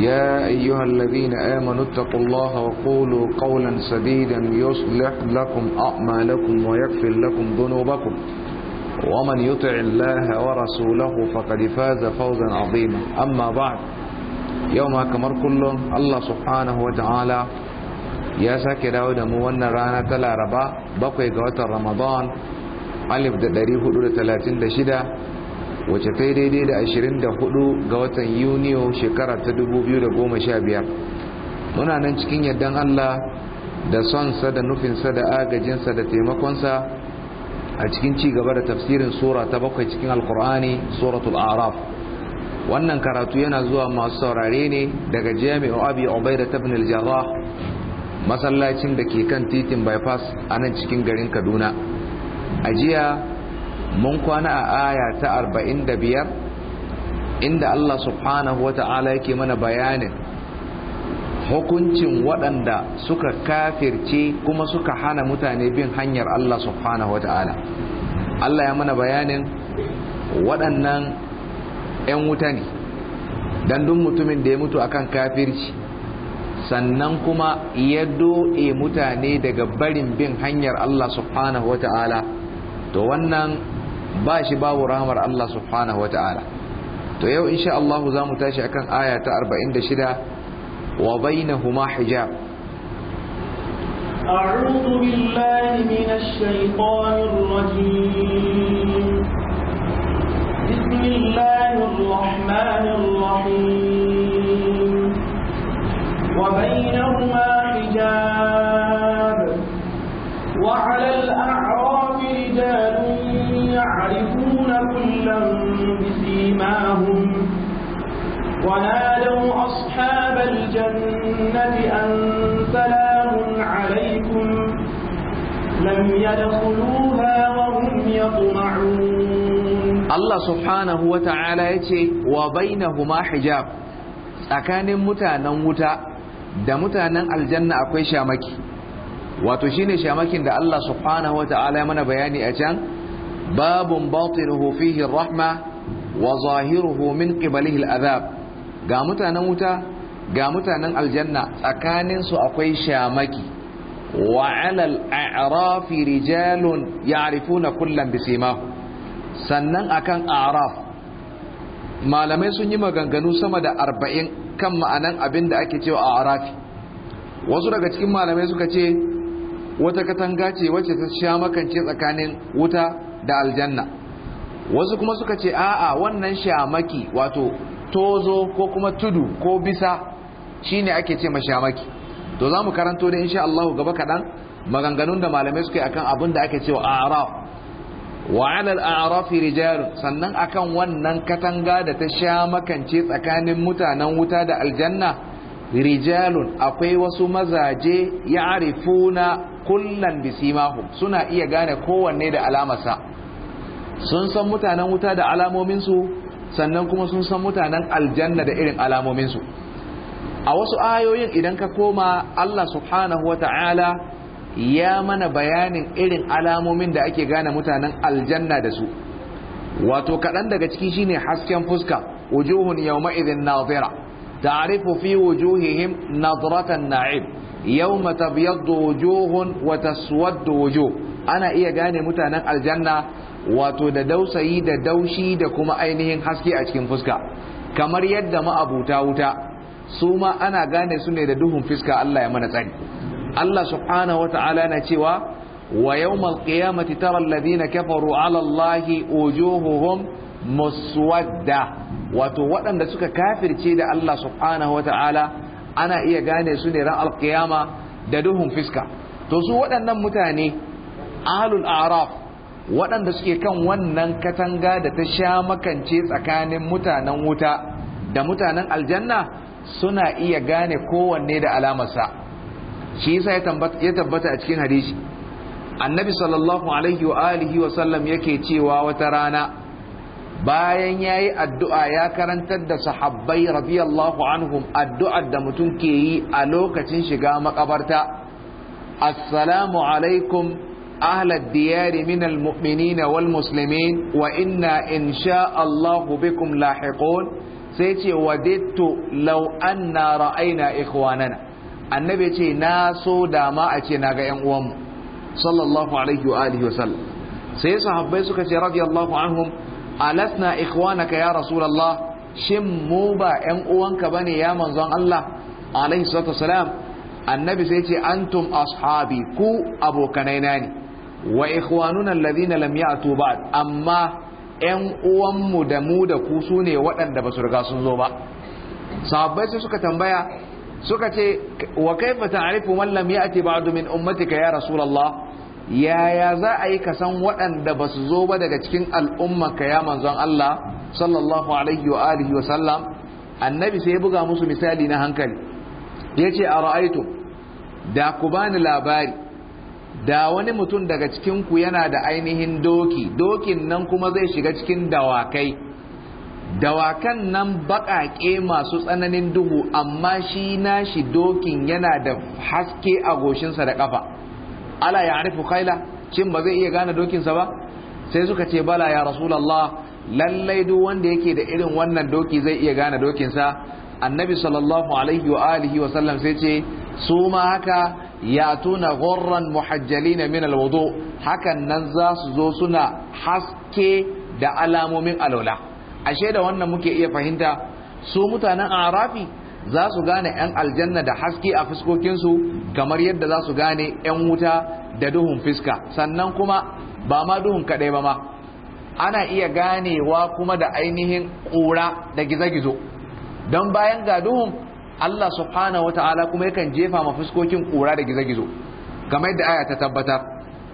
يا أيها الذين آمنوا اتقوا الله وقولوا قولا سديدا يصلح لكم أعمالكم ويغفر لكم ذنوبكم ومن يطع الله ورسوله فقد فاز فوزا عظيما أما بعد يوم كمر كله الله سبحانه وتعالى يا ساكي داود موانا رانا تلا ربا بقي قوة رمضان ألف دريه دا تلاتين Wace ta yi daidai da 24 ga watan yuniyo shekara ta 2015 muna nan cikin yardan allah da sonsa da nufinsa da agajinsa da taimakonsa a cikin cigaba da tafsirin sura ta bakwai cikin alkur'ani suratul araf wannan karatu yana zuwa masu saurare ne daga jami'u abi ubaida ibn masallacin da ke kan titin bypass a nan cikin garin kaduna a jiya mun kwana a aya ta arba'in da biyar, inda Allah subhanahu wata'ala yake mana bayanin hukuncin waɗanda suka kafirce kuma suka hana mutane bin hanyar Allah subhanahu wata'ala Allah ya mana bayanin waɗannan 'yan wuta ne don duk mutumin da ya mutu akan kafirci sannan kuma ya doe mutane daga barin bin hanyar Allah subhanahu wata'ala to wannan ba shi babu rahmar Allah subhanahu wa ta'ala to yau insha Allah za mu tashi akan aya ta 46 wa bainahuma hijab أعوذ بالله من الشيطان الرجيم بسم الله الرحمن الرحيم وبينهما حجاب وعلى الأعراف رجال يعرفون كلا بسيماهم ونادوا أصحاب الجنة أن سلام عليكم لم يدخلوها وهم يطمعون الله سبحانه وتعالى يتي وبينهما حجاب tsakanin mutanen wuta da mutanen aljanna akwai shamaki wato shine shamakin da Allah subhanahu ta'ala ya mana bayani a can Babu batinuhu fihi rahma wa zahiruhu min qibalihi al'azab ga mutanen wuta ga mutanen aljanna tsakanin su akwai shamaki wa alal a'rafi rijalun ya'rifuna kullan bisimahu sannan akan a'raf malamai sun yi maganganu sama da arba'in kan ma'anan abin da ake cewa a'rafi wasu daga cikin malamai suka ce wata katanga ce wacce ta sha tsakanin wuta da aljanna wasu kuma suka ce a'a wannan shamaki wato tozo ko kuma tudu ko bisa shine ake ce ma shamaki to za mu karanto da insha Allah gaba kaɗan maganganun da malamai suka yi akan abin da ake cewa a'raf wa 'ala al-a'raf rijal sannan akan wannan katanga da ta sha makance tsakanin mutanen wuta da aljanna rijalun akwai wasu mazaje ya arifuna kullan bisimahum suna iya gane kowanne da alamarsa sun san mutanen wuta da alamominsu sannan kuma sun san mutanen aljanna da irin alamominsu a wasu ayoyin idan ka koma Allah subhanahu Ta'ala ya mana bayanin irin alamomin da ake gane mutanen aljanna da su wato kaɗan daga ciki shine hasken fuska wujuhun yawma idhin nadhira تعرف في وجوههم نظرة النعيم يوم تبيض وجوه وتسود وجوه أنا إيه جاني متانا الجنة wato da dausayi da daushi da kuma ainihin haske a cikin fuska kamar yadda ma'abuta wuta su ma ana gane su ne da duhun fuska Allah ya mana tsari Allah subhanahu wata'ala na cewa wa yawmal qiyamati tara alladhina kafaru ala Allahi wujuhuhum muswadda wato waɗanda suka kafirce da Allah subhanahu ana iya gane su ne ran alkiyama da duhun fiska to su waɗannan mutane ahlul araf waɗanda suke kan wannan katanga da ta sha makance tsakanin mutanen wuta da mutanen aljanna suna iya gane kowanne da alamarsa shi yasa ya tabbata a cikin hadisi annabi sallallahu alaihi wa alihi wa sallam yake cewa wata rana bayan ya yi addu'a ya karantar da sahabbai radiyallahu anhum addu'ar da mutum ke yi a lokacin shiga makabarta assalamu alaikum ahla diyari min almu'minina wal musulmin wa ina in sha Allahu bikum lahiqun sai ce wadittu law anna ra'ayna ikhwanana annabi ce na so dama a ce na ga yan uwanmu sallallahu alaihi wa alihi wa sallam sai sahabbai suka ce radiyallahu anhum alasna ikhwanaka ya rasulullah shin mu ba ƴan uwanka bane ya manzon Allah alaihi salatu wasalam annabi sai ce antum ashabi ku abokanai na ne wa ikhwanuna alladhina lam ya'tu ba'd amma ƴan uwanmu da mu da ku sune waɗanda ba su riga sun zo ba sahabbai sai suka tambaya suka ce wa kaifa ta'rifu man lam ya'ti ba'd min ummatika ya rasulullah yaya za a yi kasan waɗanda ba su zo ba daga cikin al'umma ka ya manzon Allah sallallahu alaihi wa alihi wa sallam annabi sai ya buga musu misali na hankali ya ce a ra'aitu da ku bani labari da wani mutum daga cikinku yana da ainihin doki dokin nan kuma zai shiga cikin dawakai dawakan nan baƙaƙe masu tsananin duhu amma shi na shi dokin yana da haske a goshinsa da ƙafa ala ya arifu kaila cin ba zai iya gane dokinsa ba sai suka ce bala ya rasulullah lallai duk wanda yake da irin wannan doki zai iya gane dokinsa annabi sallallahu alaihi wa alihi wa sallam sai ce su ma haka ya tuna gurran muhajjalina min alwudu hakan nan za su zo suna haske da alamomin alola ashe da wannan muke iya fahimta su mutanen arafi za su gane 'yan aljanna da haske a fuskokinsu kamar yadda za su gane 'yan wuta da duhun fiska sannan kuma ba ma duhun kaɗai ba ma ana iya ganewa kuma da ainihin ƙura da gizo-gizo don bayan ga duhun Allah subhanahu wa ta'ala kuma yakan jefa ma fuskokin ƙura da gizo-gizo kamar yadda aya ta tabbatar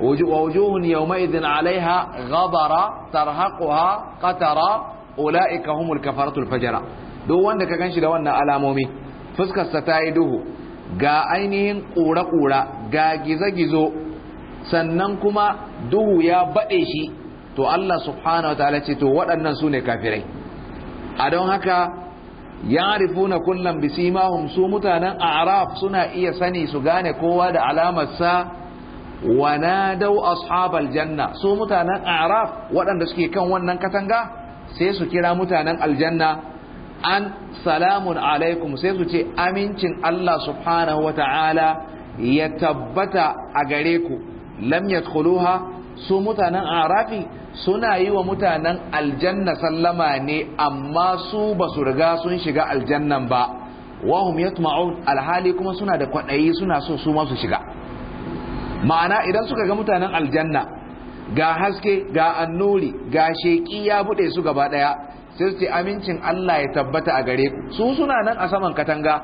wujuhun yawma idhin alaiha ghabara tarhaquha qatara ulaika humul kafaratul fajara duk wanda ka ganshi da wannan alamomi fuskarsa ta yi duhu ga ainihin ƙura-ƙura ga gizo-gizo sannan kuma duhu ya baɗe shi to Allah subhanahu wa ta'ala ce to waɗannan su ne kafirai a don haka ya na kullum bisimahun su mutanen araf suna iya sani su gane kowa da alamarsa wa dau ashabal janna su mutanen araf waɗanda suke kan wannan katanga sai su kira mutanen aljanna an salamun alaikum sai su ce amincin Allah subhanahu wata'ala ya tabbata a gare ku lam yadkhuluha su mutanen arafi suna yi wa mutanen aljanna sallama ne amma su ba su riga sun shiga aljannan ba wahum yatma'un alhali kuma suna da kwaɗayi suna so su masu shiga ma'ana idan suka ga mutanen aljanna ga haske ga annuri ga sheki ya buɗe su gaba ɗaya sai su amincin Allah ya tabbata a gare ku su suna nan a saman katanga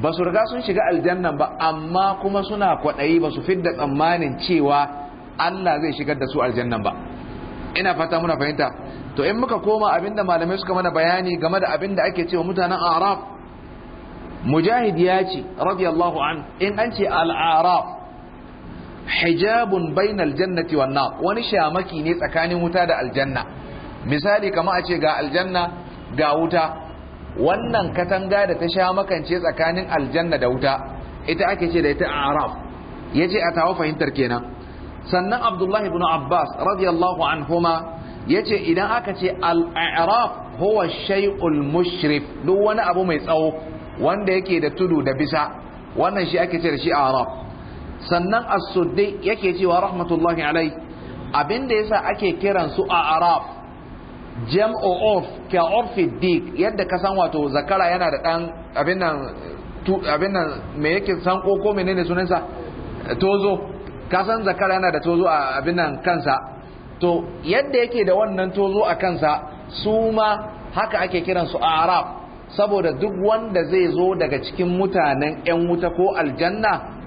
ba su riga sun shiga aljannan ba amma kuma suna kwaɗayi ba su fidda tsammanin cewa Allah zai shigar da su aljannan ba ina fata muna fahimta to in muka koma abinda malamai suka mana bayani game da abinda ake cewa mutanen araf mujahid ya ce radiyallahu an in an ce al'araf hijabun bainal jannati wannan wani shamaki ne tsakanin wuta da aljanna misali kama a ce ga aljanna ga wuta wannan katanga da ta sha makance tsakanin aljanna da wuta ita ake ce da ita a araf ya ce a tawo fahimtar kenan sannan abdullahi ibn abbas radiyallahu anhuma ya ce idan aka ce al'araf huwa shay'ul mushrif duk wani abu mai tsawo wanda yake da tudu da bisa wannan shi ake ce da shi araf sannan as-suddi yake cewa rahmatullahi alai abinda yasa ake kiran su a araf o of ke urfi dik yadda ka san wato zakara yana da dan abin nan abin nan me yake san ko ko menene sunansa tozo ka san zakara yana da tozo a abin nan kansa to yadda yake da wannan tozo a kansa su ma haka ake kiransu arab saboda duk wanda zai zo daga cikin mutanen 'yan wuta ko aljanna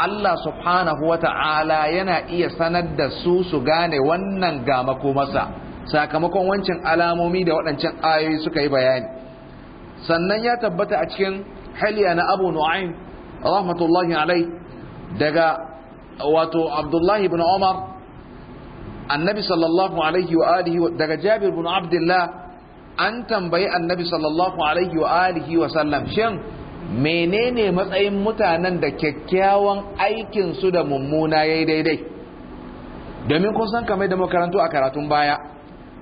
Allah subhanahu wa yana iya sanar da su su gane wannan ga makomarsa sakamakon wancan alamomi da waɗancan ayoyi suka yi bayani sannan ya tabbata a cikin haliya na abu nu'aim rahmatullahi alai daga wato abdullahi ibn umar annabi sallallahu alaihi wa alihi daga jabir ibn abdullah an tambayi annabi sallallahu alaihi wa alihi wa sallam shin menene matsayin mutanen da kyakkyawan aikin su da mummuna yayi daidai domin kun san kamar da makarantu a karatun baya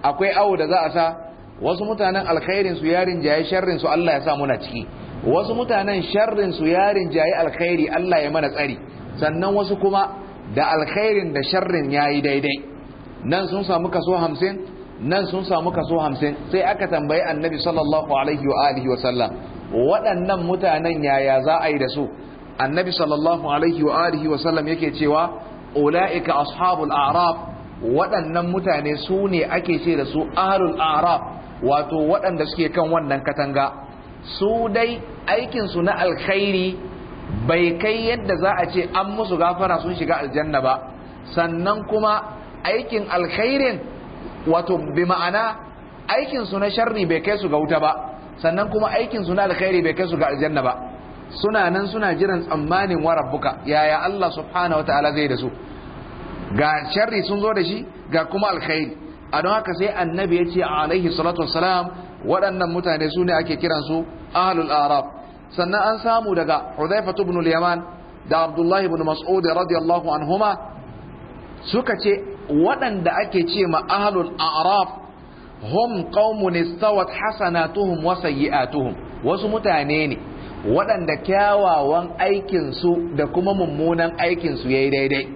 akwai awo da za a sa wasu mutanen alkhairin su yarin jaye sharrin su Allah ya sa muna ciki wasu mutanen sharrin su yarin jaye alkhairi Allah ya mana tsari sannan wasu kuma da alkhairin da sharrin yayi daidai nan sun samu kaso 50 nan sun samu kaso 50 sai aka tambayi annabi sallallahu alaihi wa alihi wa sallam waɗannan mutanen yaya za a yi da su annabi sallallahu alaihi wa alihi wa sallam yake cewa ulaika ashabul a'rab waɗannan mutane su ne ake ce da su ahlul araf wato waɗanda suke kan wannan katanga su dai aikinsu na alkhairi bai kai yadda za a ce an musu gafara sun shiga aljanna ba sannan kuma aikin alkhairin wato bi ma'ana aikinsu na sharri bai kai su ga wuta ba sannan kuma aikinsu na alkhairi bai kai su ga aljanna ba suna nan suna jiran tsammanin warabbuka yaya Allah subhanahu wa ta'ala zai da su ga sharri sun zo da shi ga kuma alkhairi a don haka sai annabi ya ce alaihi salatu wassalam waɗannan mutane su ne ake kiransu ahlul arab sannan an samu daga hudhaifa ibn al-yaman da abdullahi ibn mas'ud radiyallahu anhuma suka ce waɗanda ake ce ma ahlul arab hum qaumun istawat hasanatuhum wa sayyi'atuhum wasu mutane ne waɗanda kyawawan aikinsu da kuma mummunan aikinsu yayi daidai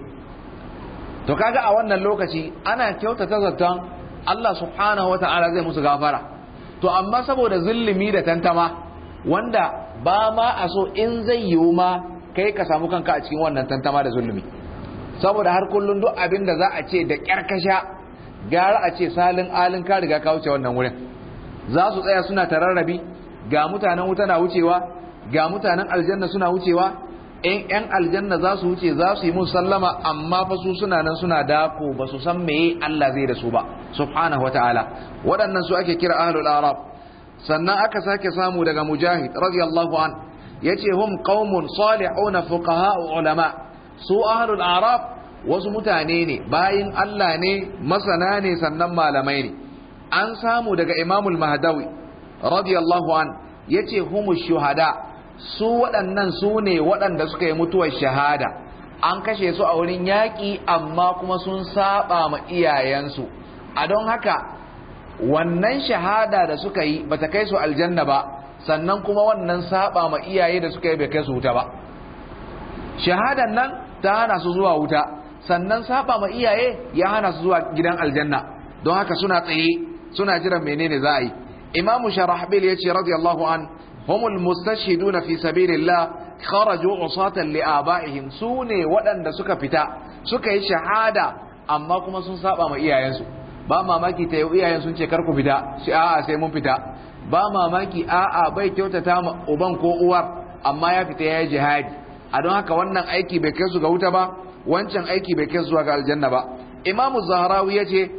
to kaga a wannan lokaci ana kyautata zaton Allah subhanahu ta'ala zai musu gafara to amma saboda zulumi da tantama wanda ba ma a so in zai yiwu ma kai ka samu kanka a cikin wannan tantama da zulumi saboda har kullun duk abin da za a ce da kyarkasha gara a ce salin alin ka riga ka wuce wannan wurin za su tsaya suna tararrabi ga mutanen wuta na wucewa ga mutanen aljanna suna wucewa in yan aljanna za su wuce za su yi mun sallama amma fa su suna nan suna dako ba su san meye Allah zai da su ba subhanahu wataala waɗannan su ake kira ahlul arab sannan aka sake samu daga mujahid radiyallahu an yace hum qaumun salihuna fuqaha ulama su ahlul arab wasu mutane ne bayin Allah ne masana ne sannan malamai ne an samu daga imamul mahdawi radiyallahu an yace humu shuhada su waɗannan su ne waɗanda suka yi mutuwar shahada an kashe su a wurin yaƙi amma kuma sun saba ma iyayensu a don haka wannan shahada da suka yi bata kai su aljanna ba sannan kuma wannan saba ma iyaye da suka yi bai kai su wuta ba shahadan nan ta hana su zuwa wuta sannan saba ma iyaye ya hana su zuwa gidan aljanna don haka suna tsaye suna jiran menene za a yi imamu sharahbil ya ce radiyallahu an humul mustashhiduna fi sabilillah kharaju usatan li abaihim sune waɗanda suka fita suka yi shahada amma kuma sun saba ma iyayensu ba mamaki ta iyayen sun ce kar ku fita sai a'a sai mun fita ba mamaki a'a bai kyautata ma uban ko uwar amma ya fita ya yi jihadi a don haka wannan aiki bai kai su ga wuta ba wancan aiki bai kai su ga aljanna ba imamu zahrawi yace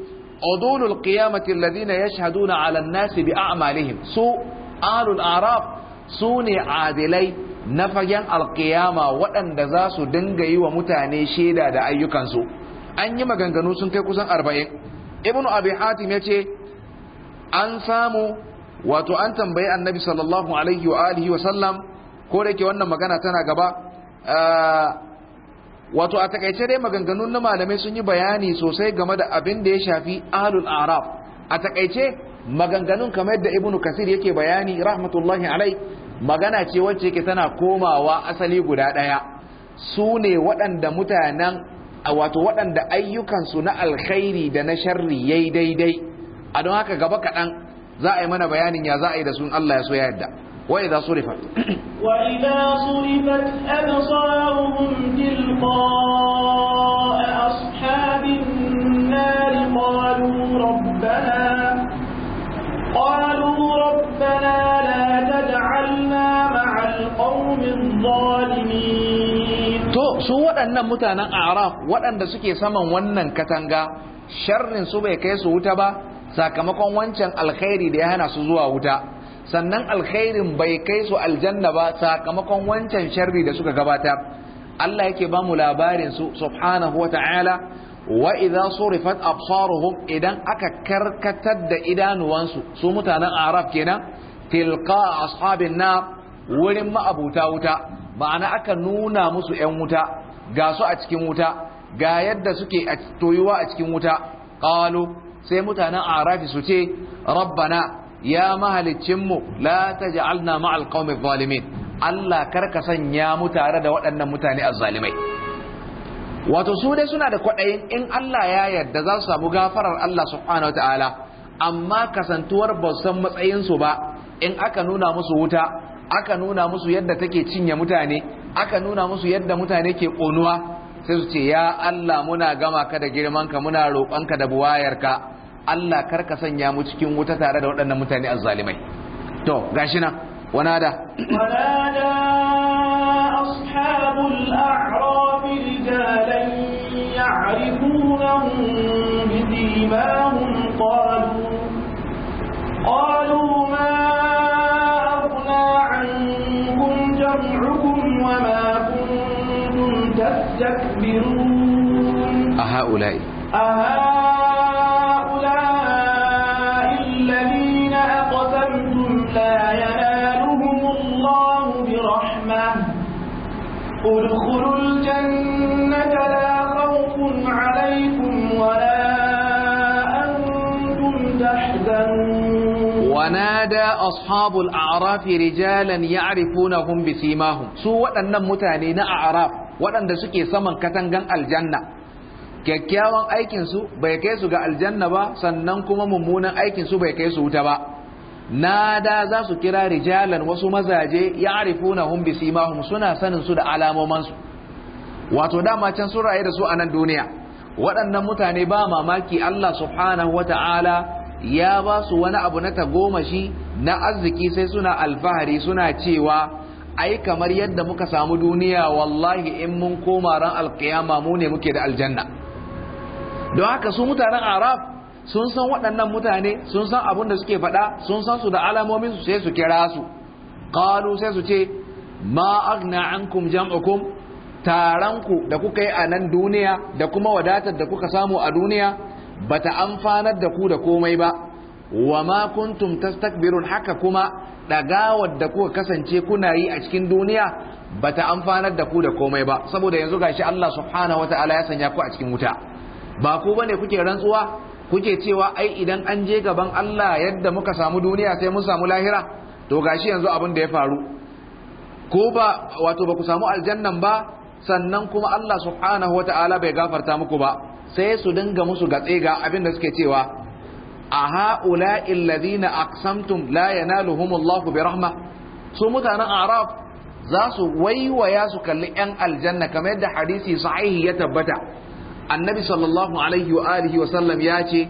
udulul qiyamati alladhina yashhaduna ala na nasi bi a'malihim su alul araf su ne adilai na fagen alkiyama waɗanda za su dinga yi wa mutane shaida da ayyukansu an yi maganganu sun kai kusan arba'in ibnu abi hatim ya ce an samu wato an tambayi annabi sallallahu alaihi wa alihi wa sallam ko da ke wannan magana tana gaba wato a takaice dai maganganun na malamai sun yi bayani sosai game da abin da ya shafi ahlul araf a takaice maganganun kamar yadda ibnu kasir yake bayani rahmatullahi alai magana ce wacce yake tana komawa asali guda ɗaya su ne waɗanda mutanen wato waɗanda ayyukansu na alkhairi da na sharri ya yi daidai a don haka gaba kaɗan za a yi mana bayanin ya za a yi da sun Allah ya so ya yadda وإذا صرفت وإذا صرفت أبصارهم تلقاء أصحاب waɗannan mutanen araf waɗanda suke saman wannan katanga sharrin su bai kai su wuta ba sakamakon wancan alkhairi da ya hana su zuwa wuta sannan alkhairin bai kai su aljanna ba sakamakon wancan sharri da suka gabatar Allah yake ba mu labarin su subhanahu wa wa idza surifat absaruhum idan aka karkatar da idanuwansu su mutanen araf kenan tilqa ashabin nar wurin ma'abuta wuta ma'ana aka nuna musu 'yan wuta ga su a cikin wuta ga yadda suke toyuwa a cikin wuta qalu sai mutanen arafi su ce rabbana ya mahalicinmu la taj'alna ma'al qaumi zalimin Allah karka sanya mu tare da waɗannan mutane azzalimai wato su dai suna da kwaɗayin in Allah ya yarda za su samu gafarar Allah subhanahu wataala amma kasantuwar ba san matsayin ba in aka nuna musu wuta aka nuna musu yadda take cinye mutane aka nuna musu yadda mutane ke ƙonuwa sai su ce ya Allah muna gama ka da girmanka muna roƙonka da buwayarka Allah karka sanya mu cikin wuta tare da waɗannan mutane azzalimai to gashi nan da wanada ashabul a'rab rijalan ya'rifunahum bi qalu qalu ma وما كنتم تستكبرون أهؤلاء أهؤلاء الذين أقسمتم لا ينالهم الله برحمة ادخلوا الجنة لا خوف عليكم ولا نادى أصحاب الأعراف رجالا يعرفونهم بسيماهم سوى أن متانين أعراف وأن دسكي سمن كتنغن الجنة kyakkyawan aikinsu bai kai su ga aljanna ba sannan kuma mummunan aikinsu bai kai su wuta ba nada za su kira rijalan wasu mazaje ya arifuna hum bisimahum suna sanin su da alamomansu wato dama can sun raye da su a nan duniya waɗannan mutane ba mamaki Allah subhanahu wata'ala ya ba su wani abu na tagomashi na arziki sai suna alfahari suna cewa ai kamar yadda muka samu duniya wallahi in mun koma ran alkiyama mu ne muke da aljanna don haka su mutanen arab sun san waɗannan mutane sun san abin da suke faɗa sun san su da alamomin su sai su kira su qalu sai su ce ma aghna ankum jam'ukum taranku da kuka yi a nan duniya da kuma wadatar da kuka samu a duniya bata amfanar da ku da komai ba wa ma kuntum tastakbirun haka kuma dagawar da kuka kasance kuna yi a cikin duniya bata amfanar da ku da komai ba saboda yanzu gashi Allah subhanahu wataala ya sanya ku a cikin wuta ba ku bane kuke rantsuwa kuke cewa ai idan an je gaban Allah yadda muka samu duniya sai mun samu lahira to gashi yanzu abin da ya faru ko ba wato ba ku samu aljannan ba sannan kuma Allah subhanahu wataala bai gafarta muku ba sai su dinga musu gatse ga abin da suke cewa a ha'ula illazina aqsamtum la yanaluhumullahu bi rahma su mutanen araf za su waiwaya su kalli yan aljanna kamar yadda hadisi sahihi ya tabbata annabi sallallahu alaihi wa alihi wa sallam ya ce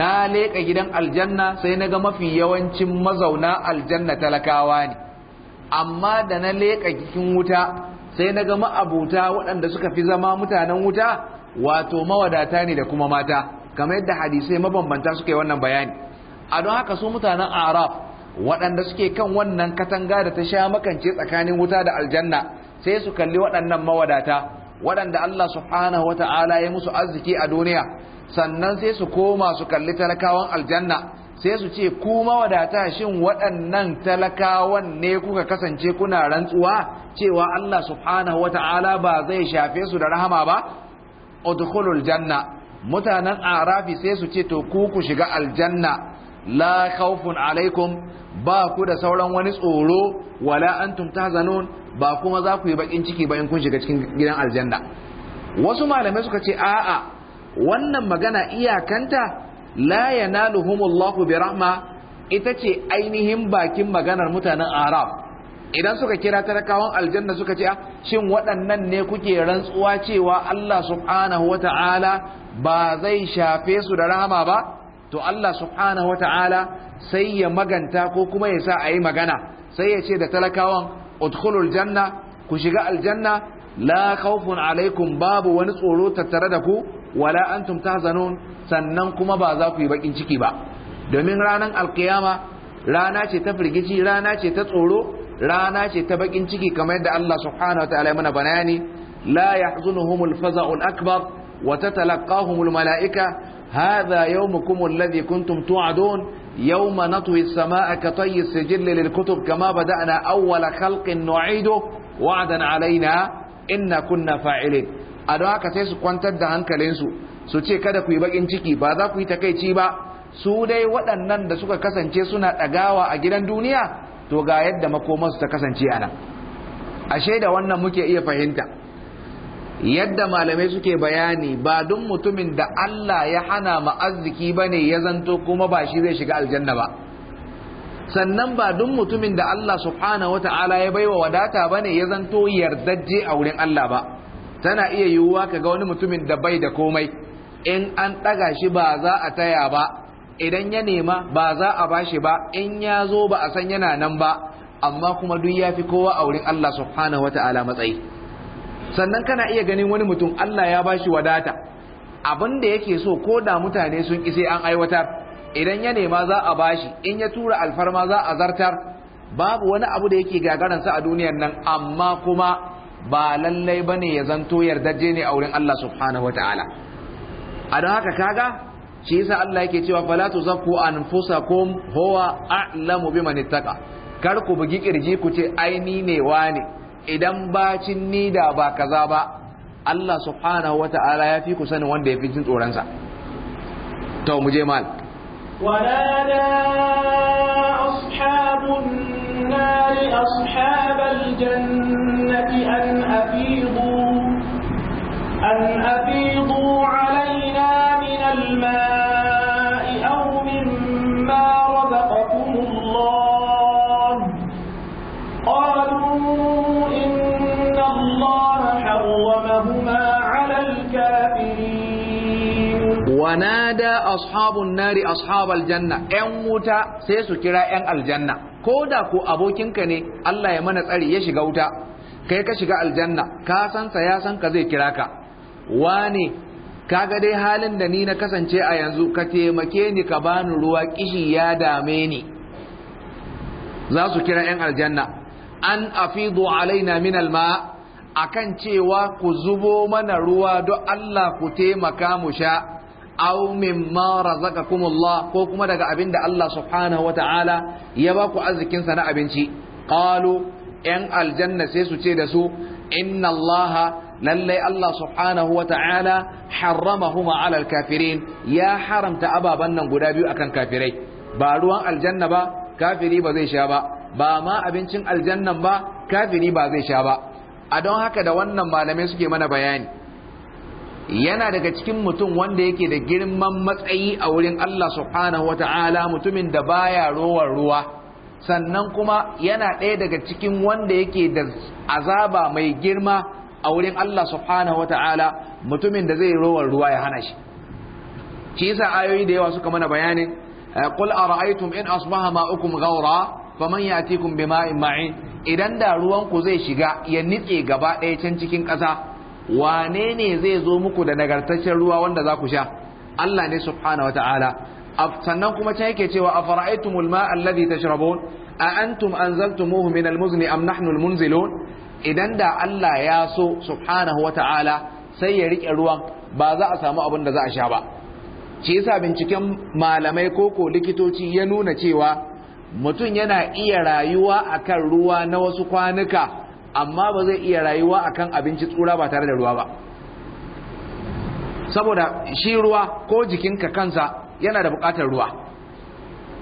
na leƙa gidan aljanna sai na ga mafi yawancin mazauna aljanna talakawa ne amma da na leka cikin wuta sai na ga ma'abuta waɗanda suka fi zama mutanen wuta wato mawadata ne da kuma mata kamar yadda hadisai mabambanta suke wannan bayani a don haka su mutanen arab waɗanda suke kan wannan katanga da ta sha makance tsakanin wuta da aljanna sai su kalli waɗannan mawadata waɗanda Allah subhanahu wata'ala ya musu arziki a duniya sannan sai su koma su kalli talakawan aljanna sai su ce ku mawadata shin waɗannan talakawan ne kuka kasance kuna rantsuwa cewa Allah subhanahu wata'ala ba zai shafe su da rahama ba udkhulul janna mutanen arafi sai su ce to ku ku shiga aljanna la khawfun alaikum ba ku da sauran wani tsoro wala antum tahzanun ba kuma za ku yi bakin ciki ba in kun shiga cikin gidan aljanna wasu malamai suka ce a'a wannan magana iyakanta la yanaluhumullahu bi rahma ita ce ainihin bakin maganar mutanen arab idan suka kira talakawan aljanna suka ce ah, shin waɗannan ne kuke rantsuwa cewa Allah subhanahu ta'ala ba zai shafe su da rahama ba to Allah subhanahu ta'ala sai ya maganta ko kuma ya sa a yi magana sai ya ce da talakawan udkhulul janna ku shiga aljanna la khawfun alaikum babu wani tsoro tattare da ku wala antum tahzanun sannan kuma ba za ku yi bakin ciki ba domin ranar alkiyama rana ce ta firgici rana ce ta tsoro rana ce ta bakin ciki kamar yadda Allah subhanahu wataala ya mana bayani la yahzunuhumul faza'ul akbar wa tatalaqahumul malaika hadha yawmukum alladhi kuntum tu'adun yawma natwi as-samaa'a ka tayyi as-sijil lil kutub kama bada'na awwala khalqin nu'idu wa'dan alaina inna kunna fa'ilin a don haka sai su kwantar da hankalinsu su ce kada ku yi bakin ciki ba za ku yi takaici ba su dai waɗannan da suka kasance suna ɗagawa a gidan duniya to ga yadda makomarsu ta kasance a ashe da wannan muke iya fahimta yadda malamai suke bayani ba don mutumin da Allah ya hana ma'azziki ba ne ya zanto kuma ba shi zai shiga aljanna ba sannan ba don mutumin da Allah wa ta'ala ya baiwa wadata ba ne ya zanto yardajje a wurin Allah ba tana iya yiwuwa ka ga wani mutumin da bai da komai in an ɗaga shi ba za a taya ba idan ya nema ba za a bashi ba in ya zo ba a san yana nan ba amma kuma duk ya fi kowa a wurin Allah subhanahu wata'ala matsayi sannan kana iya ganin wani mutum Allah ya bashi wadata abin da yake so ko da mutane sun ki sai an aiwatar idan ya nema za a bashi in ya tura alfarma za a zartar babu wani abu da yake gagaransa a duniyar nan amma kuma ba lallai bane ya zanto yardaje ne a wurin Allah subhanahu wata'ala a don haka kaga shi yasa Allah yake cewa fala tuzakku anfusakum huwa a'lamu biman ittaka kar ku bugi kirji ku ce ni ne wane idan bacin ni da ba kaza ba Allah subhanahu wata'ala ya fi ku sanin wanda ya fi jin tsoron sa to mu je mal ونادى ashabun nar ashabal jannati an afidu an afidu الماء أو مما رزقكم الله قالوا إن الله حرمهما على الكافرين ونادى أصحاب النار أصحاب الجنة أن موتى سيسكرا أن الجنة كودا كو أبوكينك ne Allah ya mana tsari ya shiga wuta kai ka shiga aljanna ka san sa ya san ka zai kira ka wane kaga dai halin da ni na kasance a yanzu ka taimake ni ka bani ruwa kishi ya dame ni za su kira 'yan aljanna an afidu alaina min alma akan cewa ku zubo mana ruwa don Allah ku taimaka mu sha aw mimma razaqakumullah ko kuma daga abinda Allah subhanahu wataala ya ba ku arzikin sa na abinci qalu 'yan aljanna sai su ce da su inna allaha lallai Allah subhanahu wa ta'ala harramahuma alal kafirin ya haramta ababan nan guda biyu akan kafirai ba ruwan aljanna ba kafiri ba zai sha ba ba ma abincin aljannan ba kafiri ba zai sha ba a don haka da wannan malamai suke mana bayani yana daga cikin mutum wanda yake da girman matsayi a wurin Allah subhanahu wa ta'ala mutumin da baya rowar ruwa sannan kuma yana ɗaya daga cikin wanda yake da azaba mai girma a wurin Allah subhanahu ta'ala mutumin da zai rowar ruwa ya hana shi shi yasa ayoyi da yawa suka mana bayanin eh, qul ara'aytum in asbaha ma'ukum ghawra faman yatikum bima'in ma'in idan da ruwan ku zai shiga ya nitse gaba ɗaya can cikin ƙasa wane ne zai zo muku da nagartaccen ruwa wanda za ku sha Allah ne subhanahu ta'ala sannan kuma can yake cewa afara'aytumul ma'a allazi tashrabun a antum anzaltumuhu min almuzni am nahnu almunzilun idan da Allah ya so subhanahu ta'ala sai ya rike ruwan ba za a samu abin da za a sha ba shi yasa binciken malamai ko likitoci ya nuna cewa mutum yana iya rayuwa akan ruwa na wasu kwanuka amma ba zai iya rayuwa akan abinci tsura ba tare da ruwa ba saboda shi ruwa ko jikinka kansa yana da bukatar ruwa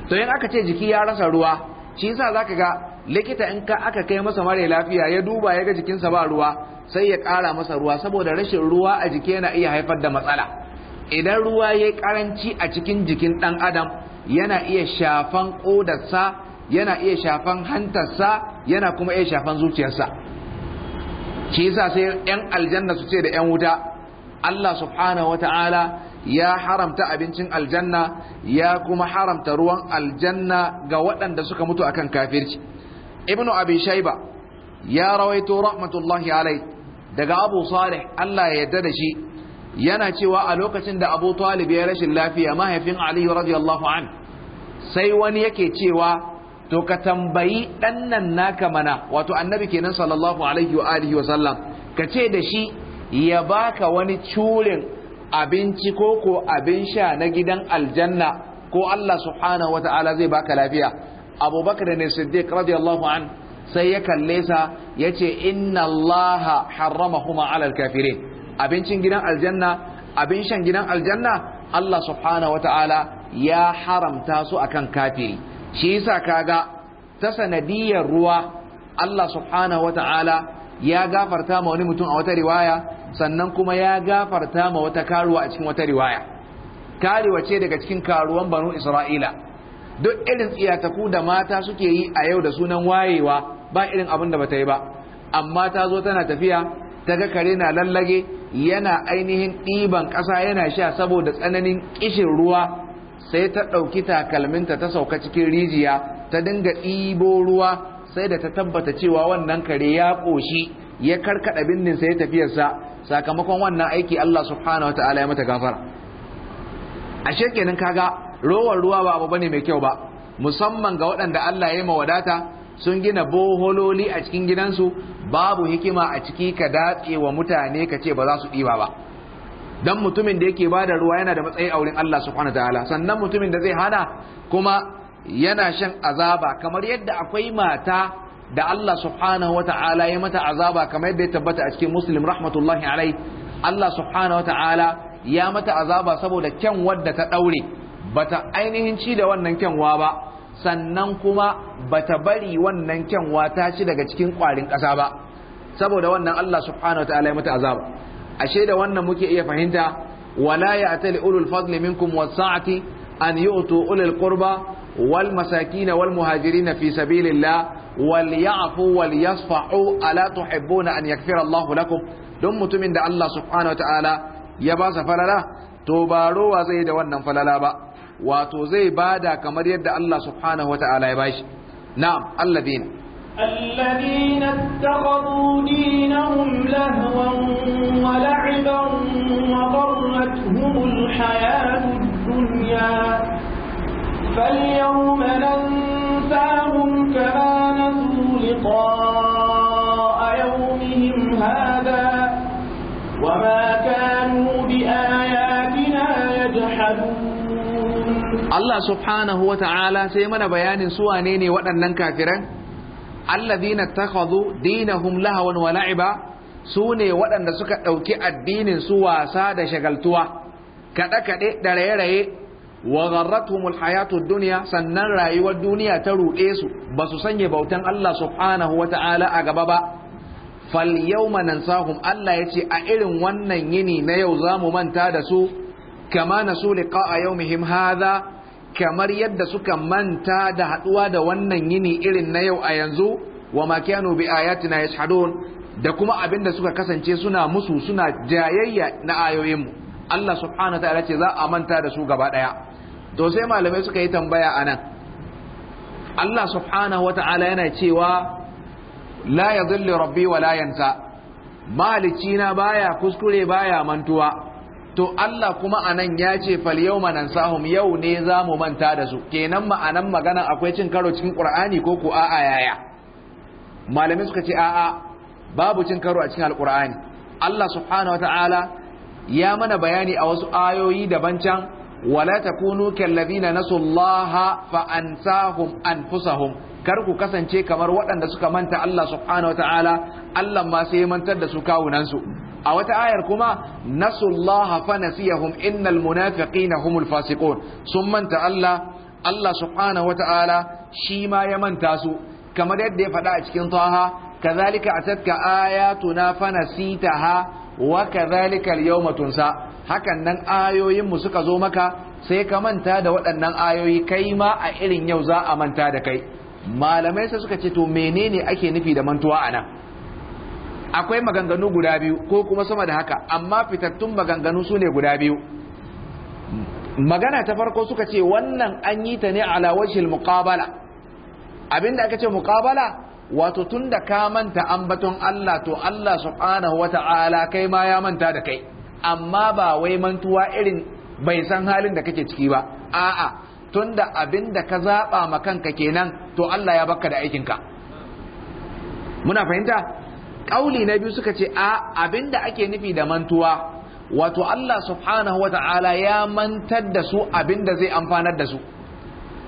to yin aka ce jiki ya rasa ruwa shi yasa zaka ga likita in ka aka kai masa mara lafiya ya duba ya ga jikinsa ba ruwa sai ya ƙara masa ruwa saboda rashin ruwa a jiki yana iya haifar da matsala idan ruwa ya karanci a cikin jikin ɗan adam yana iya shafan ƙodarsa yana iya shafan hantarsa yana kuma iya shafan zuciyarsa shi yasa sai 'yan aljanna su ce da 'yan wuta Allah subhanahu ta'ala ya haramta abincin aljanna ya kuma haramta ruwan aljanna ga waɗanda suka mutu akan kafirci ibnu Abishaiba ya rawaito rahmatullahi alai daga abu salih Allah ya yarda da shi yana cewa a lokacin da abu talib ya rashin lafiya mahaifin ali radiyallahu an sai wani yake cewa to ka tambayi dan nan naka mana wato annabi kenan sallallahu alaihi wa alihi wa sallam ka ce da shi ya baka wani curin abinci ko ko abin sha na gidan aljanna ko Allah subhanahu ta'ala zai baka lafiya abubakar ne siddiq radiyallahu an sai ya kalle sa ya ce inna allaha harramahuma alal kafirin abincin gidan aljanna abin shan gidan aljanna Allah subhanahu wataala ya haramta su akan kafiri shi yasa kaga ta sanadiyar ruwa Allah subhanahu wataala ya gafarta ma wani mutum a wata riwaya sannan kuma ya gafarta ma wata karuwa a cikin wata riwaya karuwa ce daga cikin karuwan banu Isra'ila duk irin tsiyataku da mata suke yi a yau da sunan wayewa ba irin abin da bata yi ba amma ta zo tana tafiya ta ga kare na lallage yana ainihin ɗiban ƙasa yana sha saboda tsananin ƙishin ruwa sai ta ɗauki takalminta ta sauka cikin rijiya ta dinga ɗibo ruwa sai da ta tabbata cewa wannan kare ya ƙoshi ya karkaɗa bindin sai tafiyarsa sakamakon wannan aiki Allah subhanahu wa ta'ala ya mata gafara ashe kenan kaga rowan ruwa ba abu bane mai kyau ba musamman ga waɗanda Allah ya yi mawadata sun gina bohololi a cikin gidansu babu hikima a ciki ka datse wa mutane ka ce ba za su ɗiba ba dan mutumin da yake bada ruwa yana da matsayi a wurin Allah subhanahu ta'ala sannan mutumin da zai hana kuma yana shan azaba kamar yadda akwai mata da Allah subhanahu wa ta'ala ya mata azaba kamar yadda ya tabbata a cikin muslim rahmatullahi alai Allah subhanahu wa ta'ala ya mata azaba saboda kyan wadda ta daure bata ainihin ci da wannan kyanwa ba sannan kuma bata bari wannan kyanwa ta ci daga cikin kwarin ƙasa ba saboda wannan Allah subhanahu wataala ya mata azaba ashe da wannan muke iya fahimta wala ya'tali ulul fadli minkum was-sa'ati an yu'tu ulul qurba wal masakin wal muhajirin fi sabilillah wal ya'fu wal yasfa'u ala tuhibbuna an yaghfira Allah lakum don mutumin da Allah subhanahu wataala ya ba sa falala to ba rowa zai da wannan falala ba wato zai bada kamar yadda Allah subhanahu wata'ala ya bashi na'am alladina الذين اتخذوا دينهم لهوا ولعبا وضرتهم الحياة الدنيا فاليوم ننساهم كما نسوا لقاء يومهم هذا وما كانوا بآياتنا يجحدون Allah subhanahu wa ta'ala sai mana bayanin su wane ne waɗannan kafiran alladhina takhadhu dinahum lahawan wa la'iba su ne waɗanda suka ɗauki addinin su wasa da shagaltuwa kaɗe kaɗe da raye-raye wa gharratuhumul duniya? dunya sannan rayuwar duniya ta ruɗe su ba su sanya bautan Allah subhanahu wa ta'ala a gaba ba fal yawma nansahum Allah yace a irin wannan yini na yau zamu manta da su kama nasu yau yawmihim hadha kamar yadda suka manta da haduwa da wannan yini irin na yau a yanzu wa makiyanu bi ayatina yashhadun da kuma abinda suka kasance suna musu suna jayayya na ayoyinmu Allah subhanahu ta'ala ce za a manta da su gaba daya to sai malamai suka yi tambaya anan Allah subhanahu wa ta'ala yana cewa la yadhillu rabbi wa la yansa malicina baya kuskure baya mantuwa to Allah kuma a nan ya ce fal yawma nansahum yau ne za mu manta da su kenan ma'anan maganan akwai cin karo cikin Qur'ani ko ku a'a yaya malamai suka ce a'a babu cin karo a cikin al Allah Allah subhanahu wata'ala ya mana bayani a wasu ayoyi daban can wala takunu kallazina nasullaha fa ansahum anfusahum kar ku kasance kamar waɗanda suka manta Allah subhanahu wata'ala Allah ma sai mantar da su kawunan su a wata ayar kuma nasullaha fa nasiyahum innal munafiqina humul fasiqun sun manta Allah Allah subhanahu wata'ala shi ma ya manta su kamar yadda ya faɗa a cikin taha kazalika atatka ayatuna fa nasitaha wa kazalika al-yawma tunsa hakan nan ayoyinmu suka zo maka sai ka manta da waɗannan ayoyi kai ma a irin yau za a manta da kai malamai sai suka ce to menene ake nufi da mantuwa a nan akwai maganganu guda biyu ko kuma sama da haka amma fitattun maganganu su ne guda biyu magana ta farko suka ce wannan an yi ta ne ala wajhil muqabala abinda aka ce muqabala wato tunda ka manta an baton Allah to Allah subhanahu wata'ala kai ma ya manta da kai amma ba wai mantuwa irin bai san halin da kake ciki ba a'a tunda abinda ka zaɓa ma kanka kenan to Allah ya baka da aikinka muna fahimta kauli na biyu suka ce a abinda ake nufi da mantuwa wato Allah subhanahu wata'ala ya mantar da su abinda zai amfanar da su